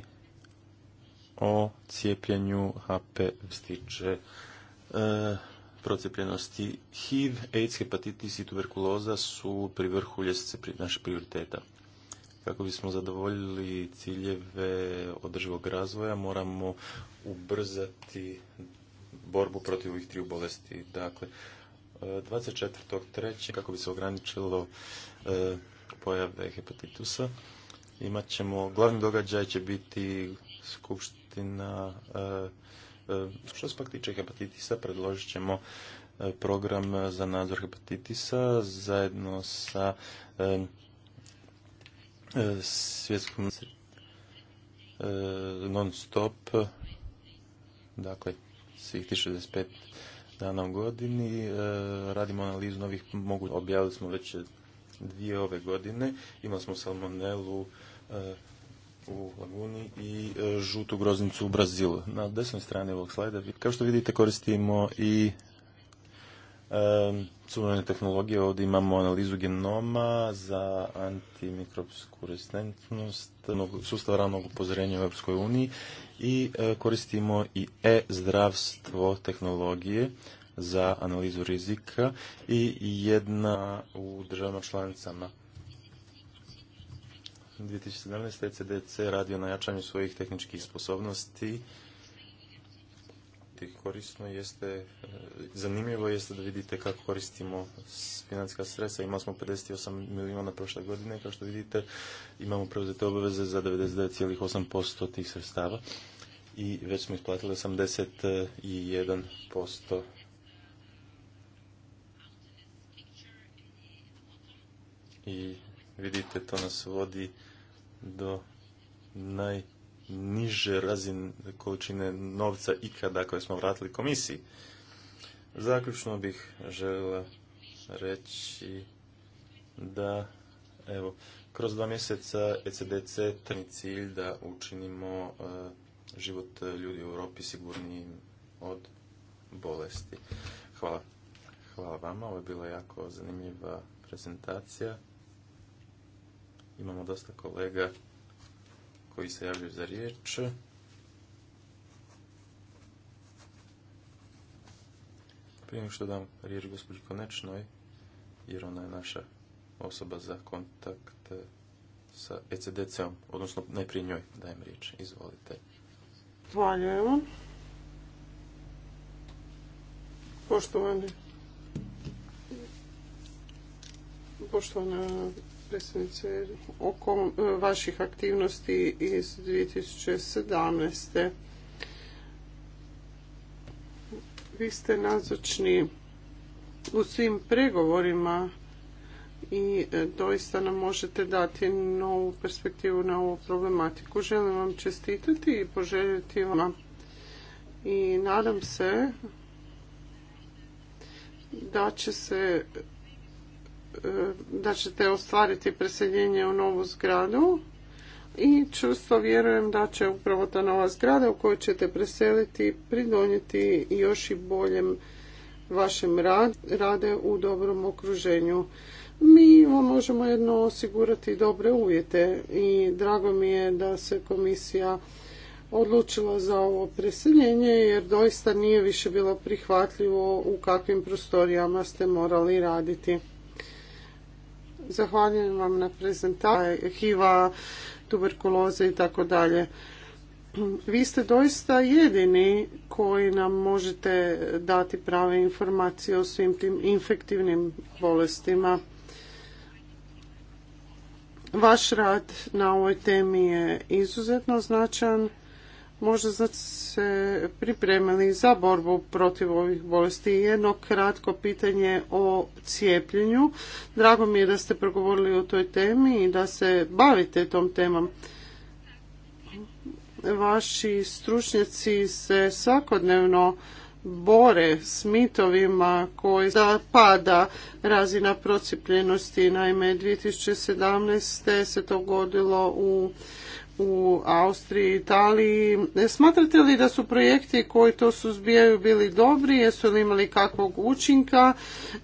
o cijepljenju HPV stiče e, procijepljenosti. HIV, AIDS, hepatitis i tuberkuloza su pri vrhu ljestvice naših prioriteta. Kako bismo zadovoljili ciljeve održivog razvoja, moramo ubrzati borbu protiv ovih triju bolesti. Dakle, 24.3. kako bi se ograničilo e, pojave hepatitusa. Imat ćemo, glavni događaj će biti skupština, e, e, što se pak tiče hepatitisa, predložit ćemo program za nadzor hepatitisa zajedno sa svjetskom non stop dakle svih 65 dana u godini. E, radimo analizu novih mogu Objavili smo već dvije ove godine. Imali smo salmonelu e, u Laguni i e, žutu groznicu u Brazilu. Na desnoj strani ovog slajda, kao što vidite, koristimo i suvremene tehnologije. Ovdje imamo analizu genoma za antimikropsku resistentnost sustava ravnog upozorenja u Europskoj uniji i e, koristimo i e-zdravstvo tehnologije za analizu rizika i jedna u državama članicama. 2017. E CDC radio na jačanju svojih tehničkih sposobnosti biti korisno jeste, e, zanimljivo jeste da vidite kako koristimo financijska sredstva. Imali smo 58 milijuna prošle godine, kao što vidite imamo preuzete obaveze za 99,8% tih sredstava i već smo isplatili 81% i vidite to nas vodi do naj niže razine količine novca ikada koje smo vratili komisiji. Zaključno bih željela reći da evo, kroz dva mjeseca ECDC trni cilj da učinimo e, život ljudi u Europi sigurniji od bolesti. Hvala. Hvala vama, ovo je bila jako zanimljiva prezentacija. Imamo dosta kolega koji se javljaju za riječ. Prije što dam riječ gospođi Konečnoj, jer ona je naša osoba za kontakt sa ECDC-om, odnosno najprije njoj dajem riječ. Izvolite. vam. Poštovani, poštovana predsjednice, oko e, vaših aktivnosti iz 2017. Vi ste nazočni u svim pregovorima i e, doista nam možete dati novu perspektivu na ovu problematiku. Želim vam čestitati i poželjeti vam i nadam se da će se da ćete ostvariti preseljenje u novu zgradu i čvrsto vjerujem da će upravo ta nova zgrada u kojoj ćete preseliti pridonijeti još i boljem vašem rade u dobrom okruženju. Mi vam možemo jedno osigurati dobre uvjete i drago mi je da se komisija odlučila za ovo preseljenje jer doista nije više bilo prihvatljivo u kakvim prostorijama ste morali raditi. Zahvaljujem vam na prezentaciji HIV-a, tuberkuloze i tako dalje. Vi ste doista jedini koji nam možete dati prave informacije o svim tim infektivnim bolestima. Vaš rad na ovoj temi je izuzetno značajan možda se pripremili za borbu protiv ovih bolesti. Jedno kratko pitanje o cijepljenju. Drago mi je da ste progovorili o toj temi i da se bavite tom temom. Vaši stručnjaci se svakodnevno bore s mitovima koji zapada razina procipljenosti. Naime, 2017. se to godilo u u Austriji, i Italiji. Smatrate li da su projekti koji to suzbijaju bili dobri, jesu li imali kakvog učinka,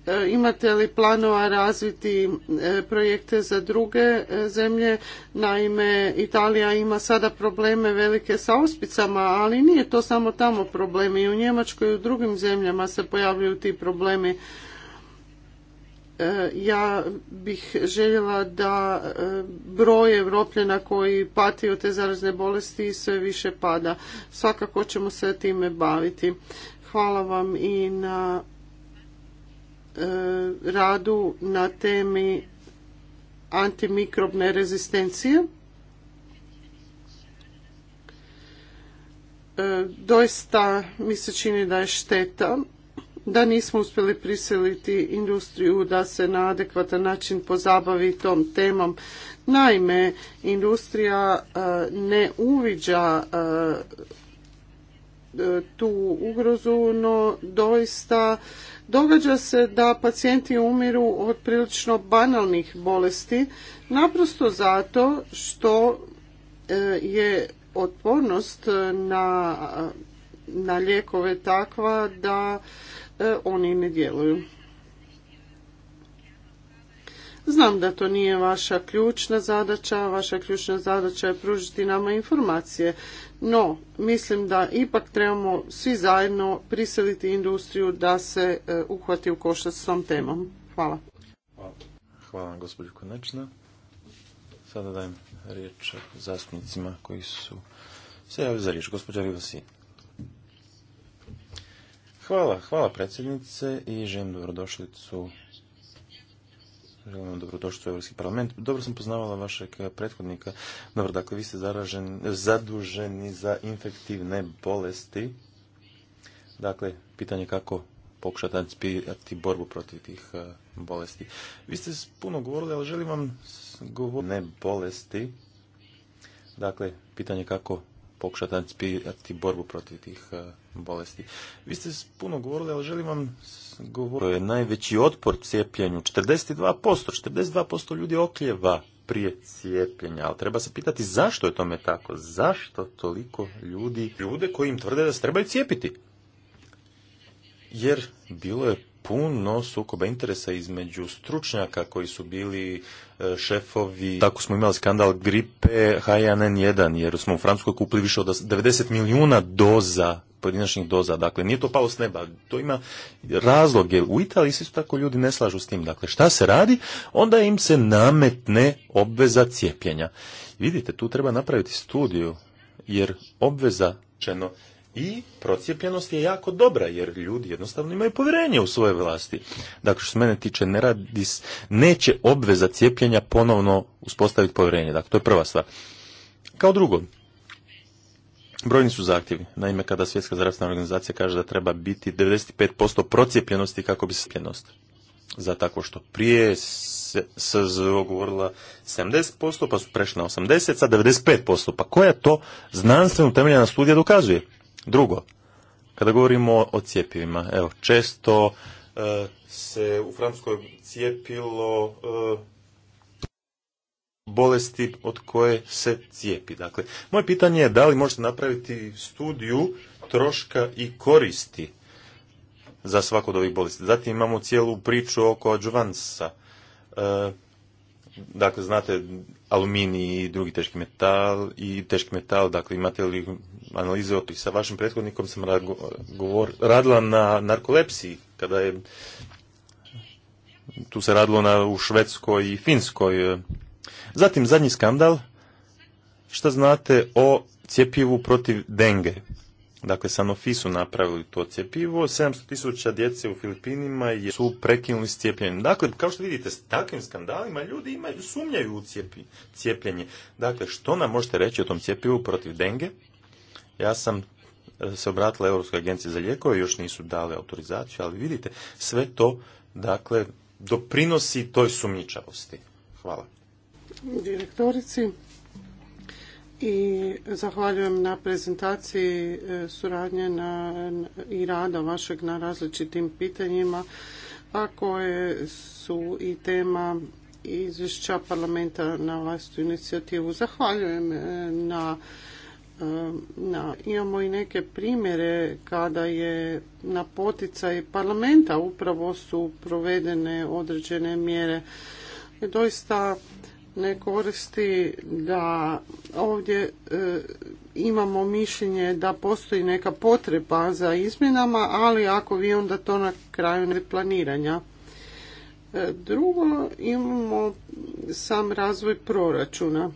e, imate li planova razviti e, projekte za druge e, zemlje? Naime, Italija ima sada probleme velike sa ospicama, ali nije to samo tamo problemi. I u Njemačkoj i u drugim zemljama se pojavljuju ti problemi E, ja bih željela da e, broj Evropljena koji pati od te zarazne bolesti sve više pada. Svakako ćemo se time baviti. Hvala vam i na e, radu na temi antimikrobne rezistencije. Doista mi se čini da je šteta da nismo uspjeli prisiliti industriju da se na adekvatan način pozabavi tom temom. Naime, industrija e, ne uviđa e, tu ugrozu, no doista događa se da pacijenti umiru od prilično banalnih bolesti, naprosto zato što e, je otpornost na na lijekove takva da E, oni ne djeluju. Znam da to nije vaša ključna zadaća, vaša ključna zadaća je pružiti nama informacije, no mislim da ipak trebamo svi zajedno prisiliti industriju da se e, uhvati u koštac s tom temom. Hvala. Hvala vam gospođu Konečna. Sada dajem riječ zastupnicima koji su se javili za riječ. Gospođa Vivasin. Hvala, hvala predsjednice i želim dobrodošlicu Želim vam dobrodošli u Europski parlament. Dobro sam poznavala vašeg prethodnika. Dobro, dakle, vi ste zaduženi za infektivne bolesti. Dakle, pitanje kako pokušati anticipirati borbu protiv tih e, bolesti. Vi ste puno govorili, ali želim vam govoriti ne bolesti. Dakle, pitanje kako pokušati anticipirati borbu protiv tih e, bolesti. Vi ste puno govorili, ali želim vam govoriti. je najveći otpor cijepljenju. 42%, 42% ljudi okljeva prije cijepljenja. Ali treba se pitati zašto je tome tako? Zašto toliko ljudi, ljude koji im tvrde da se trebaju cijepiti? Jer bilo je puno sukoba interesa između stručnjaka koji su bili e, šefovi. Tako smo imali skandal gripe H1N1 jer smo u Francuskoj kupili više od 90 milijuna doza pojedinačnih doza. Dakle, nije to pao s neba. To ima razloge. U Italiji se isto tako ljudi ne slažu s tim. Dakle, šta se radi? Onda im se nametne obveza cijepljenja. Vidite, tu treba napraviti studiju, jer obveza čeno i procijepljenost je jako dobra jer ljudi jednostavno imaju povjerenje u svoje vlasti. Dakle, što se mene tiče, ne radi, neće obveza cijepljenja ponovno uspostaviti povjerenje. Dakle, to je prva stvar. Kao drugo, brojni su zahtjevi. Naime, kada Svjetska zdravstvena organizacija kaže da treba biti 95% procijepljenosti kako bi se cijepljenost za tako što prije se, se govorila 70%, pa su prešli na 80%, sad 95%. Pa koja to znanstveno temeljena studija dokazuje? Drugo, kada govorimo o cijepivima, evo, često e, se u Francuskoj cijepilo e, bolesti od koje se cijepi. Dakle, moje pitanje je da li možete napraviti studiju troška i koristi za svaku od ovih bolesti. Zatim imamo cijelu priču oko adjuvansa. E, dakle, znate, aluminij i drugi teški metal i teški metal, dakle imate li analize o sa vašim prethodnikom sam govor, radila na narkolepsiji kada je tu se radilo na, u Švedskoj i Finskoj. Zatim zadnji skandal, šta znate o cjepivu protiv denge? Dakle, Sanofi su napravili to cjepivo, 700 tisuća djece u Filipinima su prekinuli s cijepljenjem. Dakle, kao što vidite, s takvim skandalima ljudi imaju, sumnjaju u cijepljenje. Dakle, što nam možete reći o tom cjepivu protiv denge? Ja sam e, se obratila Europskoj agenciji za lijekove, još nisu dali autorizaciju, ali vidite, sve to, dakle, doprinosi toj sumnjičavosti. Hvala. Direktorici i zahvaljujem na prezentaciji e, suradnje i rada vašeg na različitim pitanjima, a koje su i tema izvješća parlamenta na vlastu inicijativu. Zahvaljujem e, na, e, na imamo i neke primjere kada je na poticaj parlamenta upravo su provedene određene mjere. Doista ne koristi da ovdje e, imamo mišljenje da postoji neka potreba za izmjenama, ali ako vi onda to na kraju ne planiranja. E, drugo imamo sam razvoj proračuna.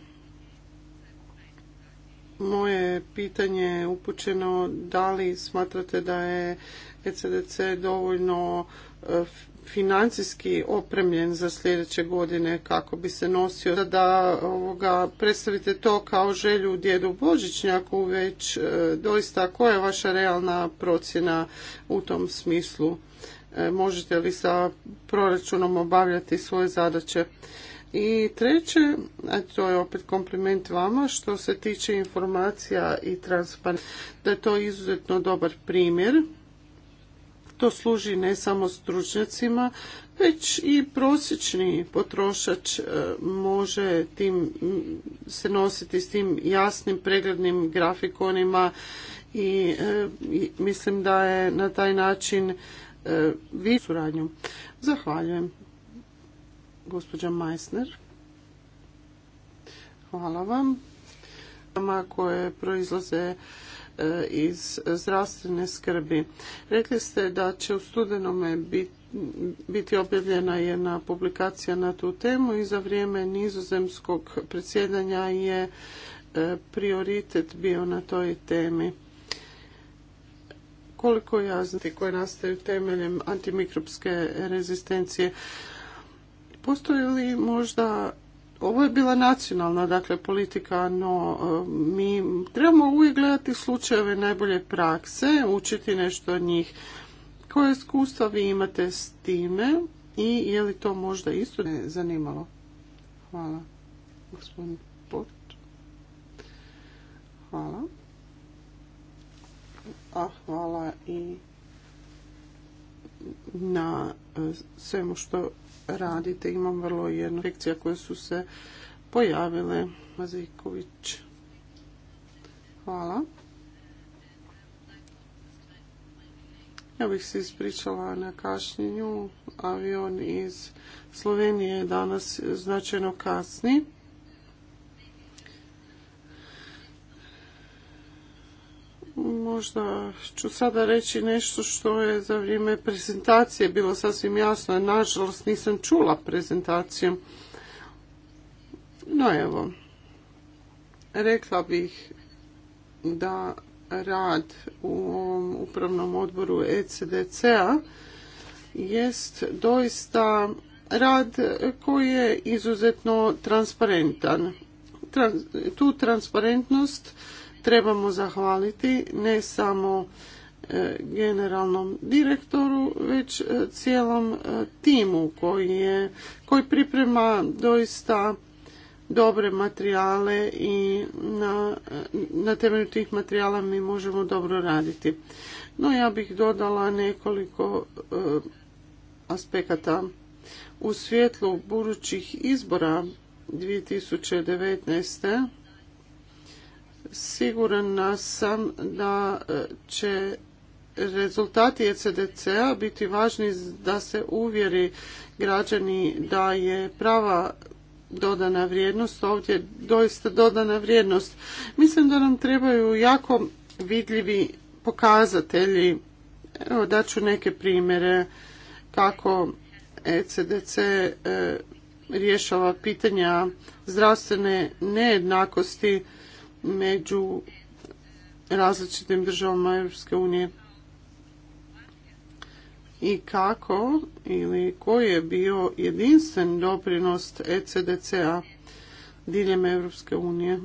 Moje pitanje je upućeno da li smatrate da je ECDC dovoljno e, financijski opremljen za sljedeće godine kako bi se nosio da ovoga, predstavite to kao želju djedu Božićnjaku već e, doista koja je vaša realna procjena u tom smislu e, možete li sa proračunom obavljati svoje zadaće i treće, a to je opet kompliment vama, što se tiče informacija i transparentnosti, da je to izuzetno dobar primjer to služi ne samo stručnjacima, već i prosječni potrošač e, može tim, se nositi s tim jasnim preglednim grafikonima i e, mislim da je na taj način e, vi suradnju. Zahvaljujem. Gospođa Meissner. Hvala vam. Koje proizlaze E, iz zdravstvene skrbi. Rekli ste da će u studenome biti objavljena jedna publikacija na tu temu i za vrijeme nizozemskog predsjedanja je e, prioritet bio na toj temi koliko ja znam koje nastaju temeljem antimikropske rezistencije. Postoji li možda ovo je bila nacionalna dakle, politika, no e, mi trebamo uvijek gledati slučajeve najbolje prakse, učiti nešto od njih. Koje iskustva vi imate s time i je li to možda isto ne zanimalo? Hvala, gospodin Pot. Hvala. A hvala i na e, svemu što radite. Imam vrlo jednu lekcija koje su se pojavile. Maziković. Hvala. Ja bih se ispričala na kašnjenju. Avion iz Slovenije danas značajno kasni. Možda ću sada reći nešto što je za vrijeme prezentacije bilo sasvim jasno, nažalost nisam čula prezentaciju. No evo, rekla bih da rad u ovom upravnom odboru ECDC-a jest doista rad koji je izuzetno transparentan. tu transparentnost trebamo zahvaliti ne samo e, generalnom direktoru, već e, cijelom e, timu koji, je, koji priprema doista dobre materijale i na, na temelju tih materijala mi možemo dobro raditi. No ja bih dodala nekoliko aspekata. U svjetlu budućih izbora 2019. Sigurna sam da e, će rezultati ECDC-a biti važni da se uvjeri građani da je prava dodana vrijednost ovdje doista dodana vrijednost. Mislim da nam trebaju jako vidljivi pokazatelji. Evo ću neke primjere kako ECDC e, rješava pitanja zdravstvene nejednakosti među različitim državama Europske unije i kako ili koji je bio jedinstven doprinos ECDC-a diljem Europske unije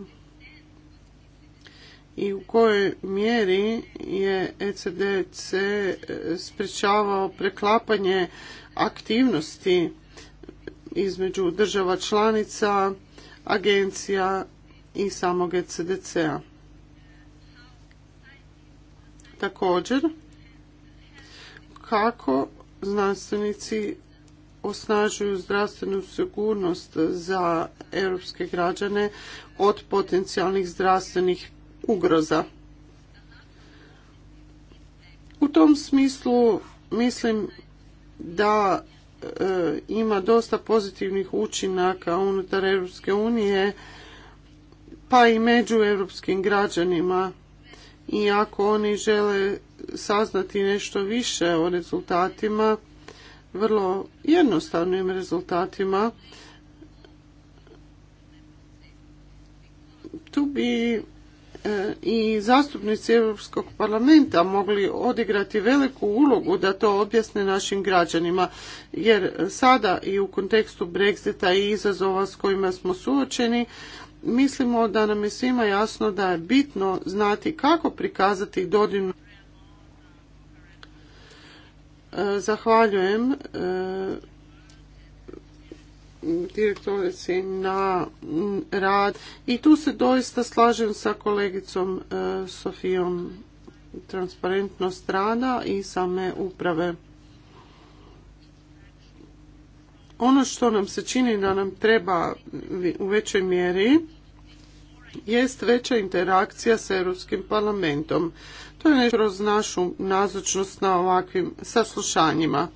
i u kojoj mjeri je ECDC sprečavao preklapanje aktivnosti između država članica, agencija i samog ECDC-a. Također, kako znanstvenici osnažuju zdravstvenu sigurnost za europske građane od potencijalnih zdravstvenih ugroza. U tom smislu mislim da e, ima dosta pozitivnih učinaka unutar Europske unije pa i među europskim građanima i ako oni žele saznati nešto više o rezultatima, vrlo jednostavnim rezultatima, tu bi e, i zastupnici Europskog parlamenta mogli odigrati veliku ulogu da to objasne našim građanima, jer sada i u kontekstu Brexita i izazova s kojima smo suočeni, mislimo da nam je svima jasno da je bitno znati kako prikazati dodirnu e, Zahvaljujem e, direktorici na rad i tu se doista slažem sa kolegicom e, Sofijom transparentnost rada i same uprave. Ono što nam se čini da nam treba u većoj mjeri jest veća interakcija s Europskim parlamentom. To je nešto kroz našu nazočnost na ovakvim saslušanjima.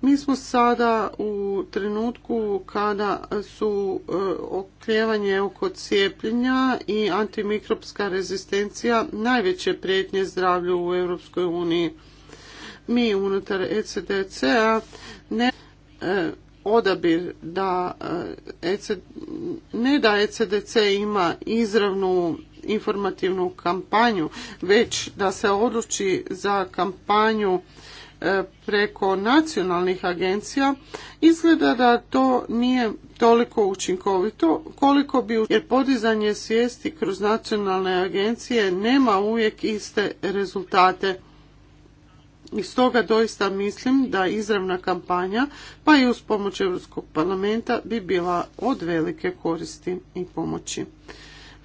Mi smo sada u trenutku kada su e, okljevanje oko cijepljenja i antimikropska rezistencija najveće prijetnje zdravlju u Europskoj uniji. Mi unutar ECDC-a ne e, odabir da e, e ne da ECDC ima izravnu informativnu kampanju, već da se odluči za kampanju e, preko nacionalnih agencija, izgleda da to nije toliko učinkovito koliko bi, jer podizanje svijesti kroz nacionalne agencije nema uvijek iste rezultate. I stoga doista mislim da izravna kampanja, pa i uz pomoć Europskog parlamenta, bi bila od velike koristi i pomoći.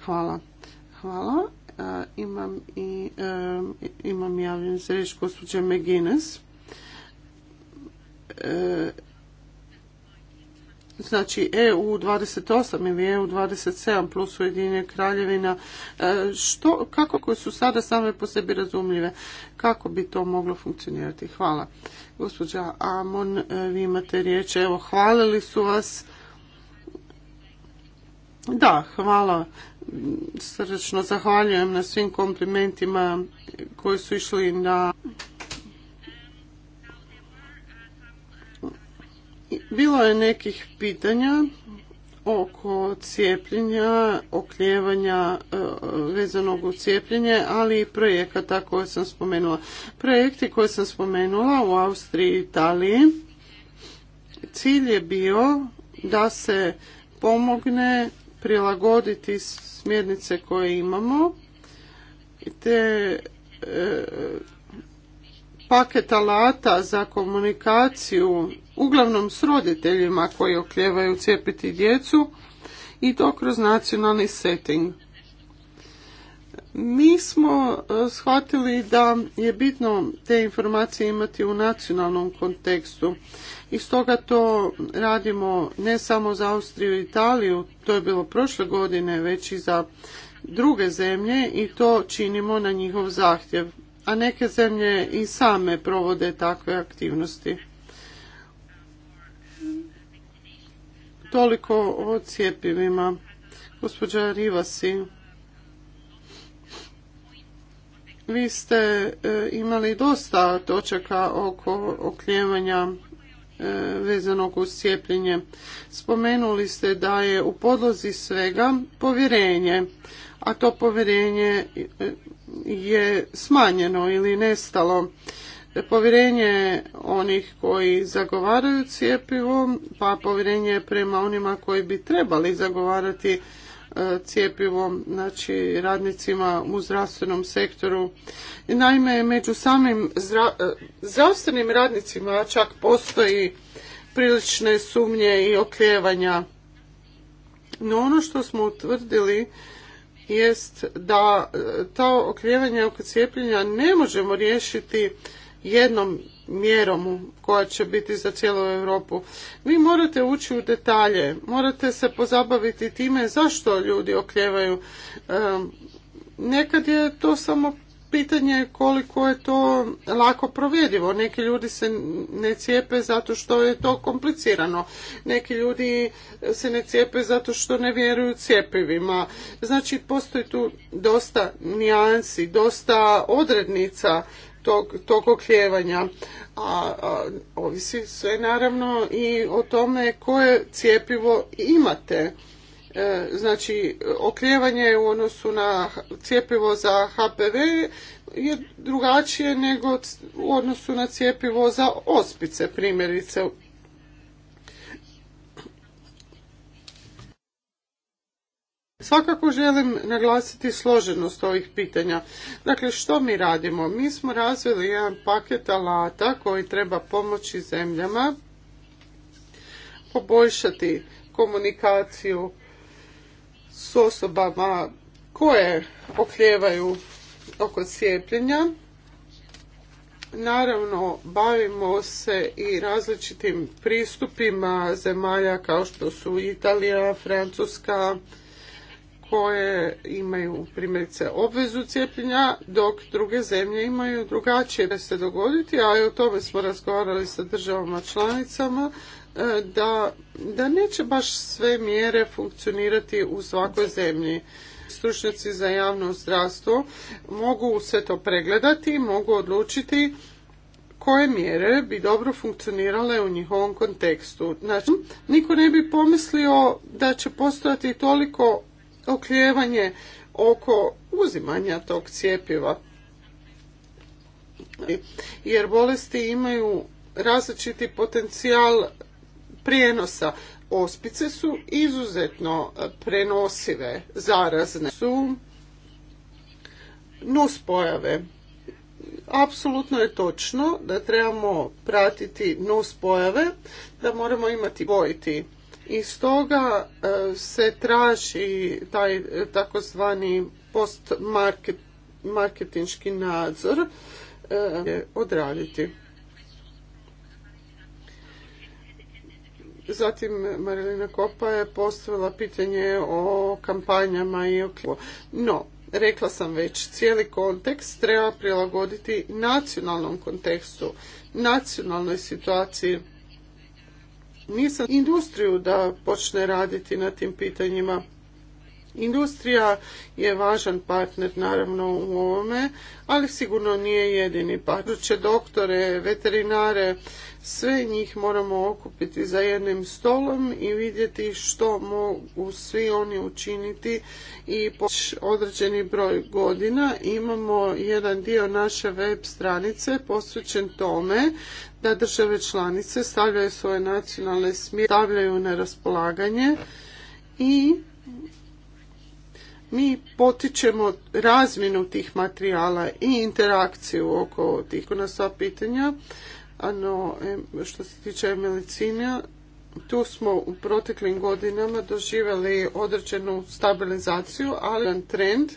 Hvala. Hvala. E, imam i e, gospođe Megines. E, znači EU 28 ili EU 27 plus Ujedinje kraljevina, e, što, kako koje su sada same po sebi razumljive, kako bi to moglo funkcionirati. Hvala. Gospođa Amon, e, vi imate riječ, evo hvalili su vas. Da, hvala. Srdečno zahvaljujem na svim komplimentima koji su išli na Bilo je nekih pitanja oko cijepljenja, okljevanja e, vezanog u cijepljenje, ali i projekata koje sam spomenula. Projekti koje sam spomenula u Austriji i Italiji, cilj je bio da se pomogne prilagoditi smjernice koje imamo te e, paket alata za komunikaciju uglavnom s roditeljima koji okljevaju cijepiti djecu i to kroz nacionalni setting. Mi smo e, shvatili da je bitno te informacije imati u nacionalnom kontekstu i stoga to radimo ne samo za Austriju i Italiju, to je bilo prošle godine, već i za druge zemlje i to činimo na njihov zahtjev a neke zemlje i same provode takve aktivnosti. Toliko o cijepivima. Gospođa Rivasi, vi ste e, imali dosta točaka oko okljevanja e, vezanog uz cijepljenje. Spomenuli ste da je u podlozi svega povjerenje, a to povjerenje e, je smanjeno ili nestalo. Povjerenje onih koji zagovaraju cijepivo, pa povjerenje prema onima koji bi trebali zagovarati e, cijepivom, znači radnicima u zdravstvenom sektoru. Naime, među samim e, zdravstvenim radnicima čak postoji prilične sumnje i okljevanja. No ono što smo utvrdili jest da e, to okrivanje oko cijepljenja ne možemo riješiti jednom mjerom koja će biti za cijelu Europu. Vi morate ući u detalje, morate se pozabaviti time zašto ljudi okljevaju. E, nekad je to samo pitanje je koliko je to lako provjerivo. Neki ljudi se ne cijepe zato što je to komplicirano. Neki ljudi se ne cijepe zato što ne vjeruju cijepivima. Znači, postoji tu dosta nijansi, dosta odrednica tog, tog okljevanja. A, a ovisi sve naravno i o tome koje cijepivo imate E, znači okljevanje u odnosu na cjepivo za HPV je drugačije nego u odnosu na cjepivo za ospice primjerice. Svakako želim naglasiti složenost ovih pitanja. Dakle, što mi radimo? Mi smo razvili jedan paket alata koji treba pomoći zemljama poboljšati komunikaciju s osobama koje okljevaju oko cijepljenja. Naravno, bavimo se i različitim pristupima zemalja kao što su Italija, Francuska, koje imaju primjerice obvezu cijepljenja, dok druge zemlje imaju drugačije da se dogoditi, a i o tome smo razgovarali sa državama članicama E, da, da neće baš sve mjere funkcionirati u svakoj zemlji. Stručnjaci za javno zdravstvo mogu sve to pregledati, mogu odlučiti koje mjere bi dobro funkcionirale u njihovom kontekstu. Znači, niko ne bi pomislio da će postojati toliko okljevanje oko uzimanja tog cijepiva. Jer bolesti imaju različiti potencijal prijenosa. Ospice su izuzetno eh, prenosive, zarazne su nuspojave. Apsolutno je točno da trebamo pratiti nuspojave, da moramo imati bojiti. I stoga eh, se traži taj eh, takozvani post marketinški nadzor odraditi. Zatim Marilina Kopa je postavila pitanje o kampanjama i o No, rekla sam već, cijeli kontekst treba prilagoditi nacionalnom kontekstu, nacionalnoj situaciji. Nisam industriju da počne raditi na tim pitanjima. Industrija je važan partner naravno u ovome, ali sigurno nije jedini partner. Doktore, veterinare, sve njih moramo okupiti za jednim stolom i vidjeti što mogu svi oni učiniti i po određeni broj godina imamo jedan dio naše web stranice posvećen tome da države članice stavljaju svoje nacionalne smjere, stavljaju na raspolaganje i mi potičemo razminu tih materijala i interakciju oko tih na sva pitanja. Ano, e, što se tiče medicine, tu smo u proteklim godinama doživjeli određenu stabilizaciju, ali trend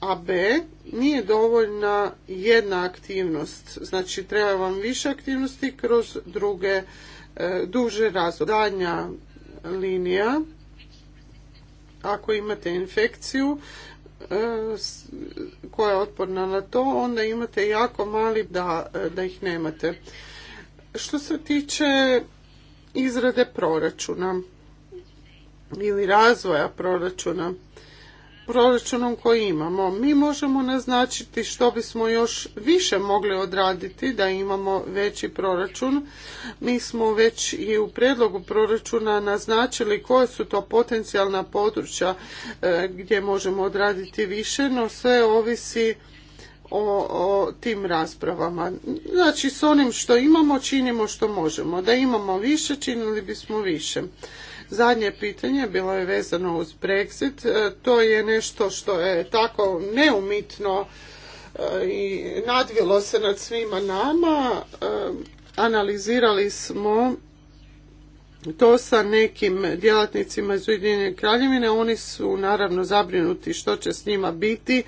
a B nije dovoljna jedna aktivnost. Znači treba vam više aktivnosti kroz druge e, duže razdoblje. linija, ako imate infekciju, koja je otporna na to, onda imate jako mali da, da ih nemate. Što se tiče izrade proračuna ili razvoja proračuna, proračunom koji imamo. Mi možemo naznačiti što bismo još više mogli odraditi da imamo veći proračun. Mi smo već i u predlogu proračuna naznačili koje su to potencijalna područja e, gdje možemo odraditi više, no sve ovisi o, o tim raspravama. Znači, s onim što imamo, činimo što možemo. Da imamo više, činili bismo više. Zadnje pitanje bilo je vezano uz Brexit. E, to je nešto što je tako neumitno e, i nadvilo se nad svima nama. E, analizirali smo to sa nekim djelatnicima iz Ujedinjene kraljevine. Oni su naravno zabrinuti što će s njima biti.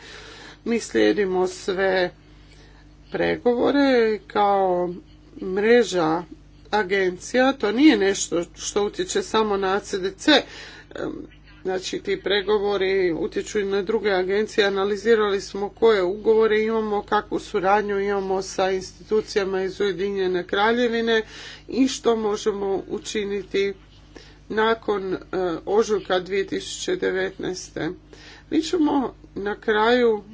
Mi slijedimo sve pregovore kao mreža agencija, to nije nešto što utječe samo na ACDC. Znači ti pregovori utječu i na druge agencije. Analizirali smo koje ugovore imamo, kakvu suradnju imamo sa institucijama iz Ujedinjene kraljevine i što možemo učiniti nakon e, ožujka 2019. Mi ćemo na kraju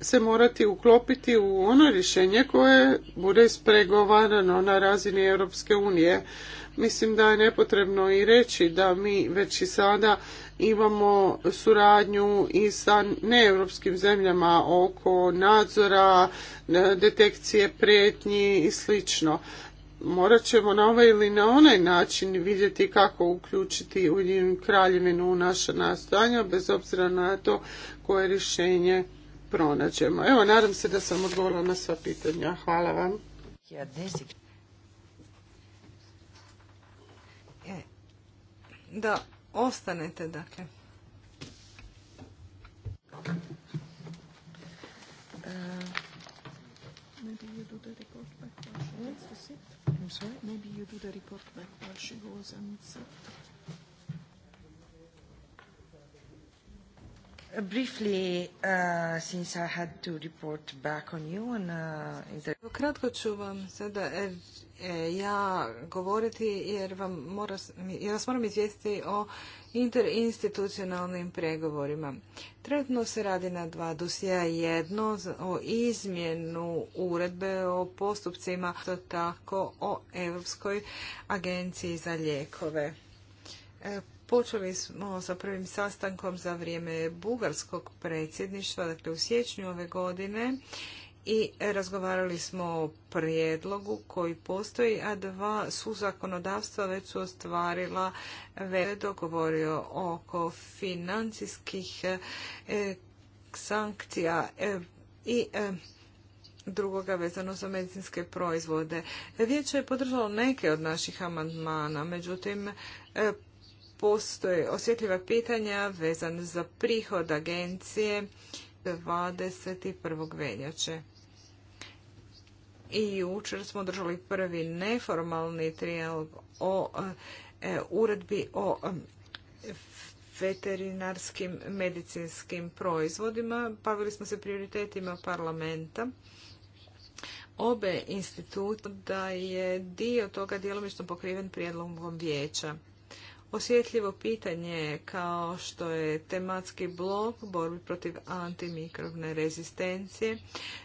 se morati uklopiti u ono rješenje koje bude ispregovarano na razini Europske unije. Mislim da je nepotrebno i reći da mi već i sada imamo suradnju i sa neeuropskim zemljama oko nadzora, e, detekcije prijetnji i slično. Morat ćemo na ovaj ili na onaj način vidjeti kako uključiti Ujedinjenu kraljevinu u naša nastojanja, bez obzira na to koje rješenje pronađemo. Evo, nadam se da sam odgovorila na sva pitanja. Hvala vam. E, da ostanete, dakle. Maybe you do the report back while she goes to sit. I'm sorry? Maybe you do the report back while she goes and sit. Briefly, uh, since I had to report back on you uh, Kratko ću vam sada er, e, ja govoriti jer vam vas moram izvijestiti o interinstitucionalnim pregovorima. Trenutno se radi na dva dosija. Jedno o izmjenu uredbe o postupcima, to tako o Europskoj agenciji za lijekove. E, Počeli smo sa prvim sastankom za vrijeme bugarskog predsjedništva, dakle u siječnju ove godine i razgovarali smo o prijedlogu koji postoji, a dva su zakonodavstva već su ostvarila dogovorio oko financijskih e, sankcija e, i e, drugoga vezano za medicinske proizvode. Vijeće je podržalo neke od naših amandmana, međutim postoje osjetljiva pitanja vezan za prihod agencije 21. veljače. I jučer smo održali prvi neformalni trijalog o e, uredbi o veterinarskim medicinskim proizvodima. Bavili smo se prioritetima parlamenta. Obe instituta da je dio toga djelomično pokriven prijedlogom vijeća osjetljivo pitanje kao što je tematski blok borbi protiv antimikrobne rezistencije,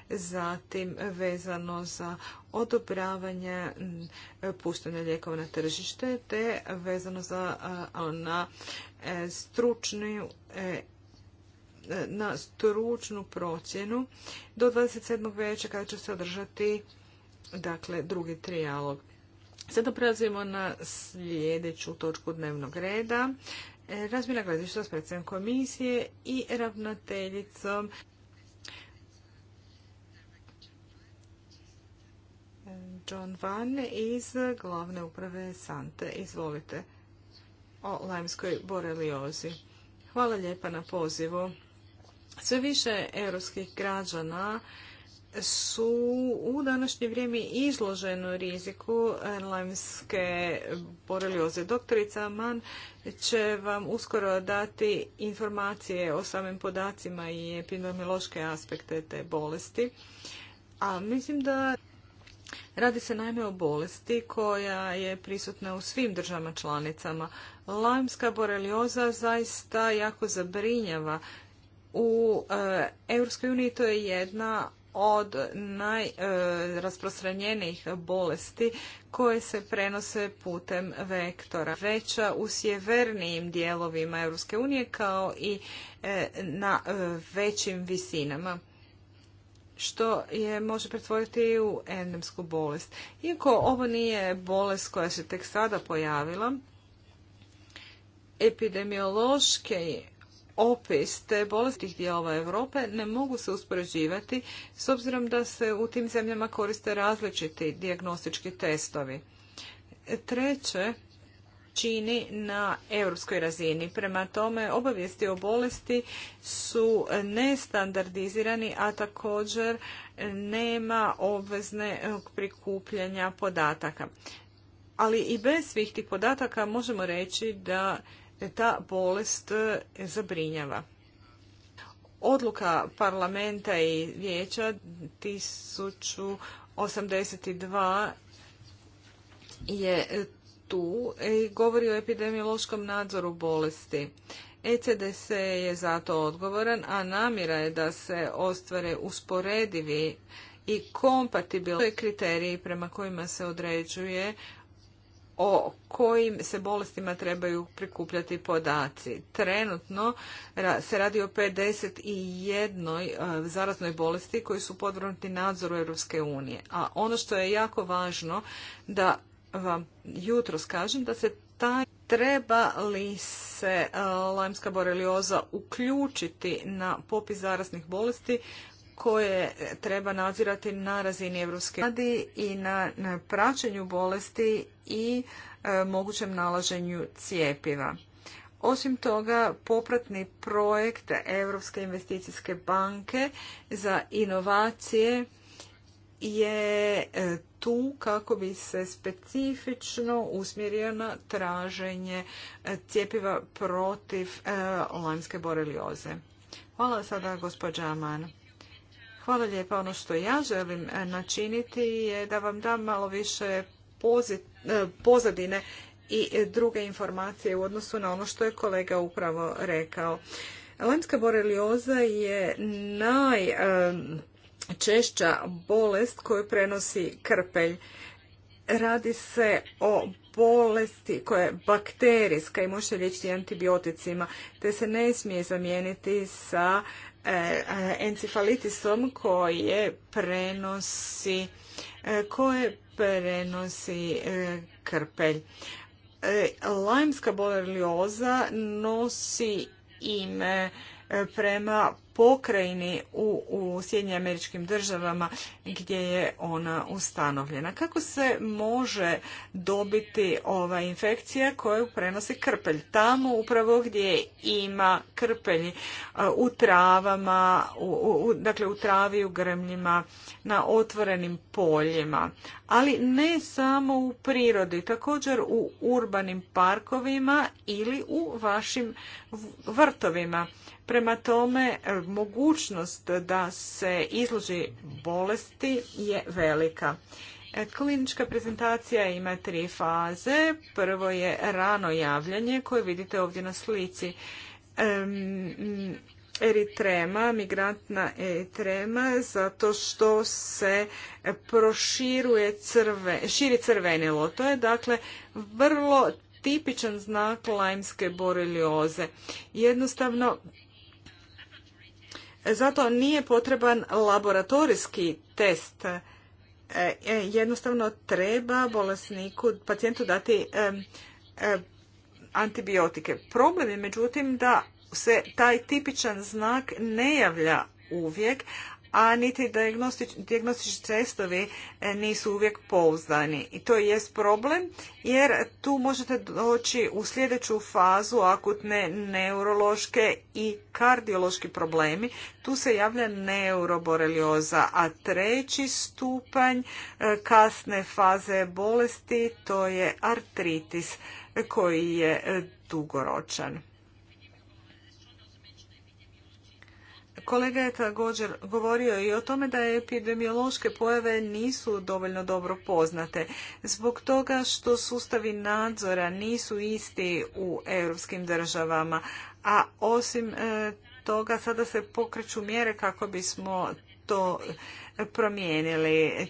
zatim vezano za odobravanje puštanja lijekova na tržište, te vezano za na e, e, na stručnu procjenu do 27. veća kada će se održati dakle drugi trijalog. Sada prelazimo na sljedeću točku dnevnog reda. E, razmjena gledišta s predsjednikom komisije i ravnateljicom John Van iz glavne uprave Sante. Izvolite o lajmskoj boreliozi. Hvala lijepa na pozivu. Sve više europskih građana su u današnje vrijeme izloženo riziku lajmske borelioze. Doktorica Aman će vam uskoro dati informacije o samim podacima i epidemiološke aspekte te bolesti. A mislim da Radi se najme o bolesti koja je prisutna u svim državama članicama. Lajmska borelioza zaista jako zabrinjava. U e, Europskoj to je jedna od najrasprostranjenijih bolesti koje se prenose putem vektora. Veća u sjevernijim dijelovima Europske unije kao i e, na e, većim visinama što je može pretvoriti u endemsku bolest. Iako ovo nije bolest koja se tek sada pojavila, epidemiološke opis te bolestih dijelova Europe ne mogu se uspoređivati s obzirom da se u tim zemljama koriste različiti dijagnostički testovi. Treće, čini na europskoj razini. Prema tome, obavijesti o bolesti su nestandardizirani, a također nema obvezne prikupljanja podataka. Ali i bez svih tih podataka možemo reći da E, ta bolest e, zabrinjava. Odluka parlamenta i vijeća 1082 je e, tu i govori o epidemiološkom nadzoru bolesti. ECDC je zato odgovoran, a namjera je da se ostvare usporedivi i kompatibilni kriteriji prema kojima se određuje o kojim se bolestima trebaju prikupljati podaci. Trenutno se radi o 51 e, zaraznoj bolesti koji su podvrnuti nadzoru Europske unije. A ono što je jako važno da vam jutro kažem da se taj treba li se e, lajmska borelioza uključiti na popis zaraznih bolesti koje treba nadzirati na razini Evropske i na, praćenju bolesti i e, mogućem nalaženju cijepiva. Osim toga, popratni projekt Europske investicijske banke za inovacije je e, tu kako bi se specifično usmjerio na traženje e, cijepiva protiv lanske borelioze. Hvala sada gospođa Amana. Hvala lijepa. Ono što ja želim e, načiniti je da vam dam malo više e, pozadine i e, druge informacije u odnosu na ono što je kolega upravo rekao. Landska borelioza je najčešća bolest koju prenosi krpelj. Radi se o bolesti koja je bakterijska i može liječiti antibioticima, te se ne smije zamijeniti sa E, encefalitisom koje prenosi e, koje prenosi e, krpelj. Lajmska borelioza nosi ime prema pokrajini u, u američkim državama gdje je ona ustanovljena. Kako se može dobiti ova infekcija koju prenosi krpelj? Tamo upravo gdje ima krpelj, e, u travama, dakle u travi, u grmljima, na otvorenim poljima. Ali ne samo u prirodi, također u urbanim parkovima ili u vašim vrtovima. Prema tome, e, mogućnost da se izloži bolesti je velika. E, klinička prezentacija ima tri faze. Prvo je rano javljanje koje vidite ovdje na slici. Eritrema, migrantna eritrema, zato što se proširuje crve, širi crvenilo. To je dakle vrlo tipičan znak lajmske borelioze. Jednostavno zato nije potreban laboratorijski test. E, e, jednostavno treba bolesniku, pacijentu dati antibiotike. Problem je međutim da se taj tipičan znak ne javlja uvijek, a niti dijagnostični testovi e, nisu uvijek pouzdani. I to je problem jer tu možete doći u sljedeću fazu akutne neurološke i kardiološki problemi. Tu se javlja neuroborelioza, a treći stupanj e, kasne faze bolesti to je artritis e, koji je dugoročan. Kolega je također govorio i o tome da epidemiološke pojave nisu dovoljno dobro poznate. Zbog toga što sustavi nadzora nisu isti u europskim državama, a osim e, toga sada se pokreću mjere kako bismo to promijenili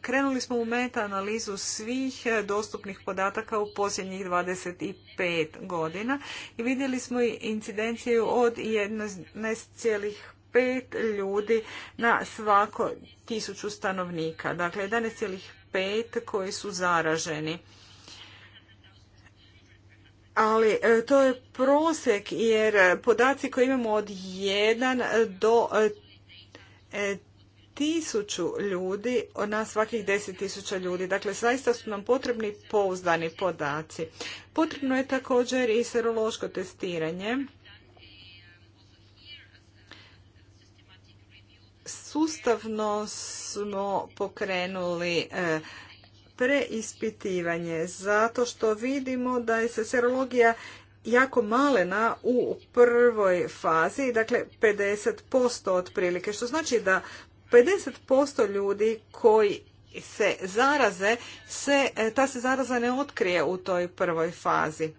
krenuli smo u meta analizu svih dostupnih podataka u posljednjih 25 godina i vidjeli smo incidenciju od 11,5 ljudi na svako tisuću stanovnika. Dakle, 11,5 koji su zaraženi. Ali e, to je prosjek jer podaci koje imamo od 1 do e, tisuću ljudi nas svakih deset tisuća ljudi. Dakle, zaista su nam potrebni pouzdani podaci. Potrebno je također i serološko testiranje. Sustavno smo pokrenuli e, preispitivanje zato što vidimo da je se serologija jako malena u prvoj fazi, dakle 50% otprilike, što znači da 50% ljudi koji se zaraze, se, e, ta se zaraza ne otkrije u toj prvoj fazi.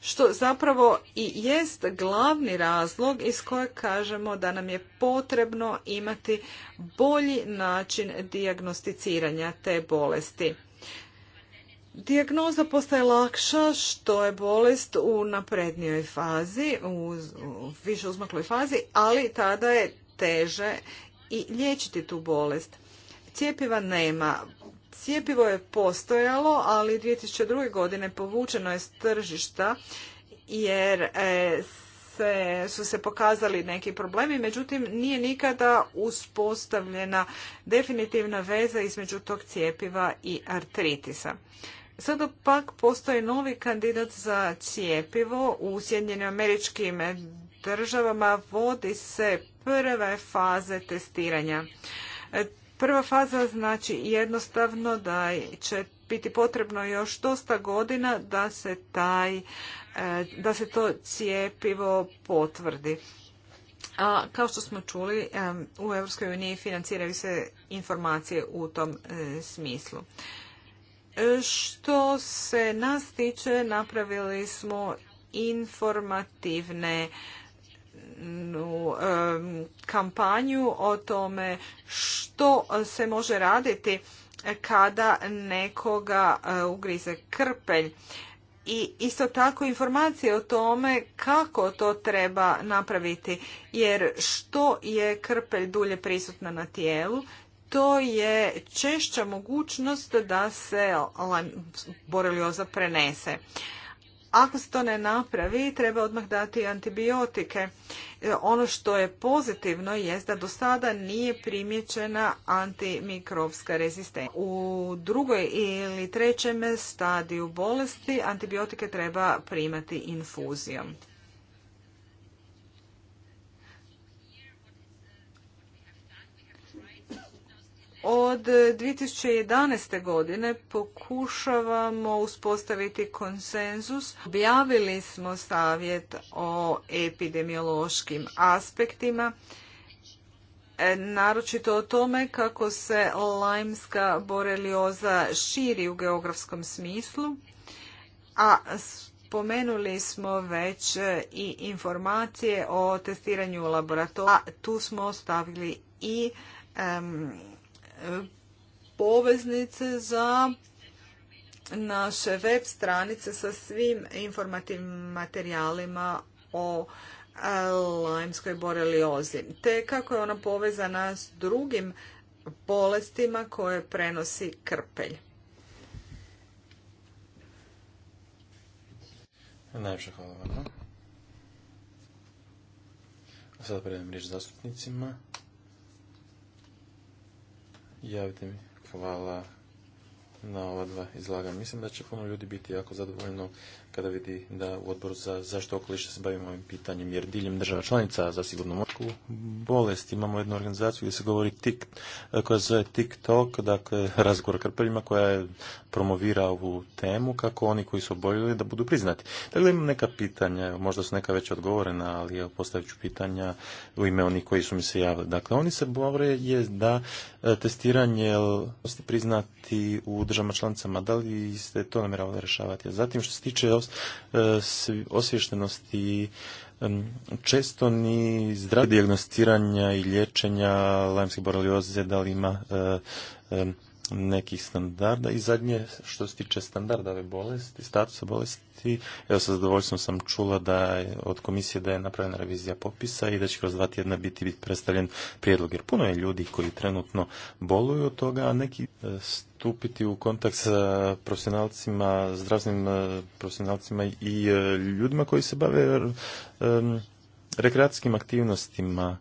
Što zapravo i jest glavni razlog iz kojeg kažemo da nam je potrebno imati bolji način dijagnosticiranja te bolesti. Dijagnoza postaje lakša što je bolest u naprednijoj fazi, u više uzmakloj fazi, ali tada je teže i liječiti tu bolest. Cijepiva nema. Cijepivo je postojalo, ali 2002. godine povučeno je s tržišta jer e, su se pokazali neki problemi, međutim nije nikada uspostavljena definitivna veza između tog cijepiva i artritisa. Sada pak postoji novi kandidat za cijepivo u Sjedinjenim američkim državama vodi se prve faze testiranja. E, prva faza znači jednostavno da će biti potrebno još dosta godina da se taj, e, da se to cijepivo potvrdi. A kao što smo čuli, e, u EU financiraju se informacije u tom smislu. Što se nas tiče, napravili smo informativne kampanju o tome što se može raditi kada nekoga e, ugrize krpelj. I isto tako informacije o tome kako to treba napraviti, jer što je krpelj dulje prisutna na tijelu, to je češća mogućnost da se borelioza prenese. Ako se to ne napravi, treba odmah dati antibiotike. E, ono što je pozitivno je da do sada nije primjećena antimikrovska rezistencija. U drugoj ili trećem stadiju bolesti antibiotike treba primati infuzijom. Od 2011. godine pokušavamo uspostaviti konsenzus. Objavili smo savjet o epidemiološkim aspektima, e, naročito o tome kako se lajmska borelioza širi u geografskom smislu, a spomenuli smo već e, i informacije o testiranju laboratorija. Tu smo ostavili i poveznice za naše web stranice sa svim informativnim materijalima o lajmskoj boreliozi, te kako je ona povezana s drugim bolestima koje prenosi krpelj. Najviše hvala vam. Sada predajem riječ zastupnicima javite mi. Hvala na ova dva izlaganja. Mislim da će puno ljudi biti jako zadovoljno kada vidi da u odboru za zaštitu okoliša se bavimo ovim pitanjem, jer diljem država članica za sigurnu motku bolest imamo jednu organizaciju gdje se govori tik, koja se zove TikTok, dakle razgovor krpeljima koja je promovira ovu temu kako oni koji su oboljeli da budu priznati. Dakle, imam neka pitanja, možda su neka već odgovorena, ali evo, postavit ću pitanja u ime onih koji su mi se javili. Dakle, oni se bore je da e, testiranje priznati u državama članicama, da li ste to namjeravali rješavati? zatim, što se tiče e, osviještenosti često ni zdravlje dijagnostiranja i liječenja lajmske borelioze da li ima e, nekih standarda i zadnje što se tiče standarda bolesti, statusa bolesti, evo sa zadovoljstvom sam čula da je od komisije da je napravljena revizija popisa i da će kroz dva tjedna biti predstavljen prijedlog, jer puno je ljudi koji trenutno boluju od toga, a neki e, stupiti u kontakt sa profesionalcima, zdravstvenim e, profesionalcima i e, ljudima koji se bave rekreacijskim aktivnostima.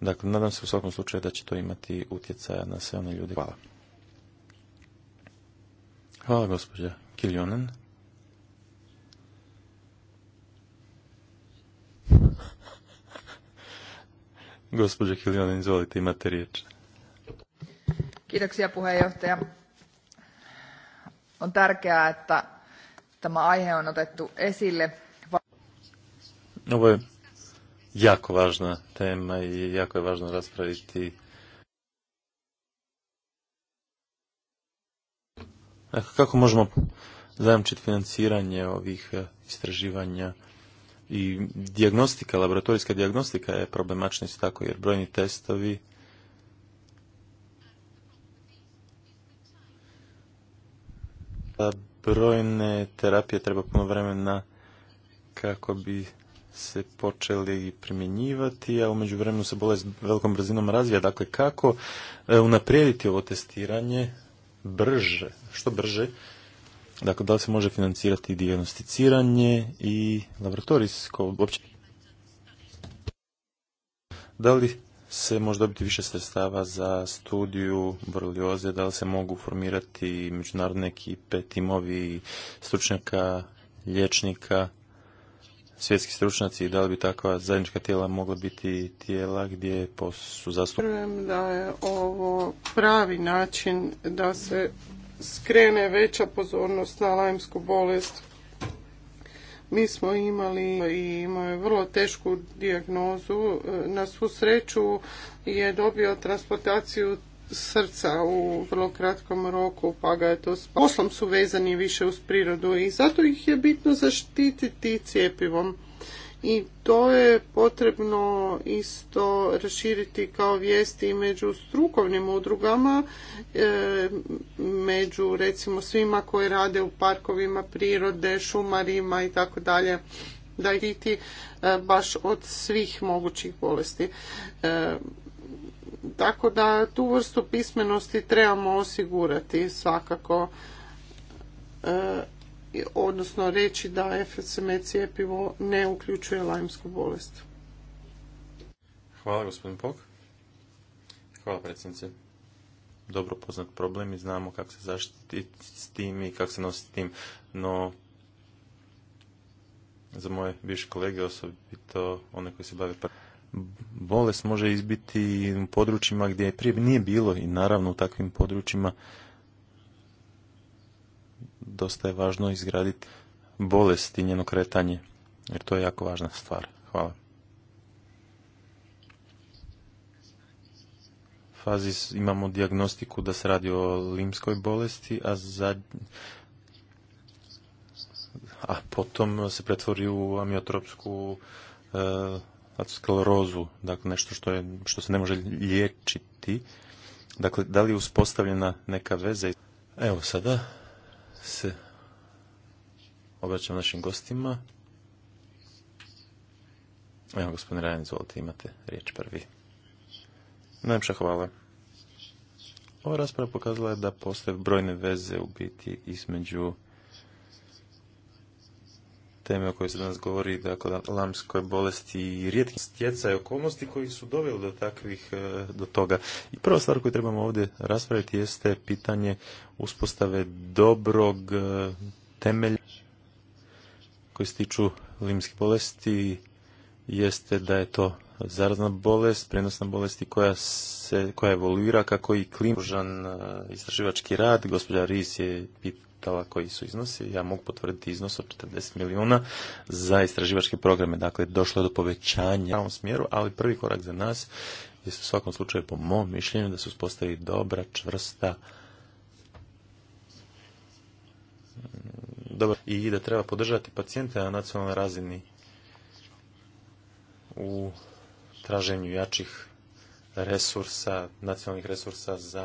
Dakle, nadam se u svakom slučaju da će to imati utjecaja na sve one ljude. Hvala. Hvala gospođa Kiljonen. Gospođa Kiljonen, izvolite, imate riječ. Kiitoksia puheenjohtaja. On tärkeää, että tämä aihe on otettu esille. Ovo je jako važna tema i jako je važno raspraviti Dakle, kako možemo zajamčiti financiranje ovih eh, istraživanja i dijagnostika, laboratorijska dijagnostika je problematična isto tako jer brojni testovi brojne terapije treba puno vremena kako bi se počeli primjenjivati, a umeđu vremenu se bolest velikom brzinom razvija. Dakle, kako eh, unaprijediti ovo testiranje brže, što brže. Dakle, da li se može financirati dijagnosticiranje i laboratorijsko uopće? Da li se može dobiti više sredstava za studiju borelioze, da li se mogu formirati međunarodne ekipe, timovi, stručnjaka, liječnika svjetski stručnjaci i da li bi takva zajednička tijela mogla biti tijela gdje su zastupljeni? da je ovo pravi način da se skrene veća pozornost na lajmsku bolest. Mi smo imali i imao je vrlo tešku dijagnozu. Na svu sreću je dobio transplantaciju srca u vrlo kratkom roku, pa ga je to s poslom su vezani više uz prirodu i zato ih je bitno zaštititi cijepivom. I to je potrebno isto raširiti kao vijesti među strukovnim udrugama, e, među recimo svima koji rade u parkovima prirode, šumarima i tako dalje da ih e, baš od svih mogućih bolesti. E, tako da tu vrstu pismenosti trebamo osigurati svakako, e, odnosno reći da FSM cijepivo ne uključuje lajmsku bolest. Hvala gospodin Pok. Hvala predsjednice. Dobro poznat problem i znamo kako se zaštititi s tim i kako se nositi s tim, no za moje više kolege, osobito one koji se bave bolest može izbiti u područjima gdje je prije nije bilo i naravno u takvim područjima dosta je važno izgraditi bolest i njeno kretanje, jer to je jako važna stvar. Hvala. fazi imamo diagnostiku da se radi o limskoj bolesti, a za a potom se pretvori u amiotropsku e, sklerozu, dakle nešto što, je, što se ne može liječiti. Dakle, da li je uspostavljena neka veza? Evo sada se obraćam našim gostima. Evo, gospodin Rajan, izvolite, imate riječ prvi. Najljepša hvala. Ova rasprava pokazala je da postoje brojne veze u biti između teme o kojoj se danas govori, dakle, lamskoj bolesti i rijetki stjecaj okolnosti koji su doveli do takvih, e, do toga. I prva stvar koju trebamo ovdje raspraviti jeste pitanje uspostave dobrog e, temelja koji se tiču limskih bolesti, jeste da je to zarazna bolest, prenosna bolest koja, se, koja evoluira, kako i klimužan e, istraživački rad. Gospođa Ris je pitala koji su iznosi. Ja mogu potvrditi iznos od 40 milijuna za istraživačke programe. Dakle, došlo je do povećanja u ovom smjeru, ali prvi korak za nas je u svakom slučaju po mom mišljenju da se uspostavi dobra, čvrsta mm, Dobar. i da treba podržati pacijente na nacionalnoj razini u traženju jačih resursa, nacionalnih resursa za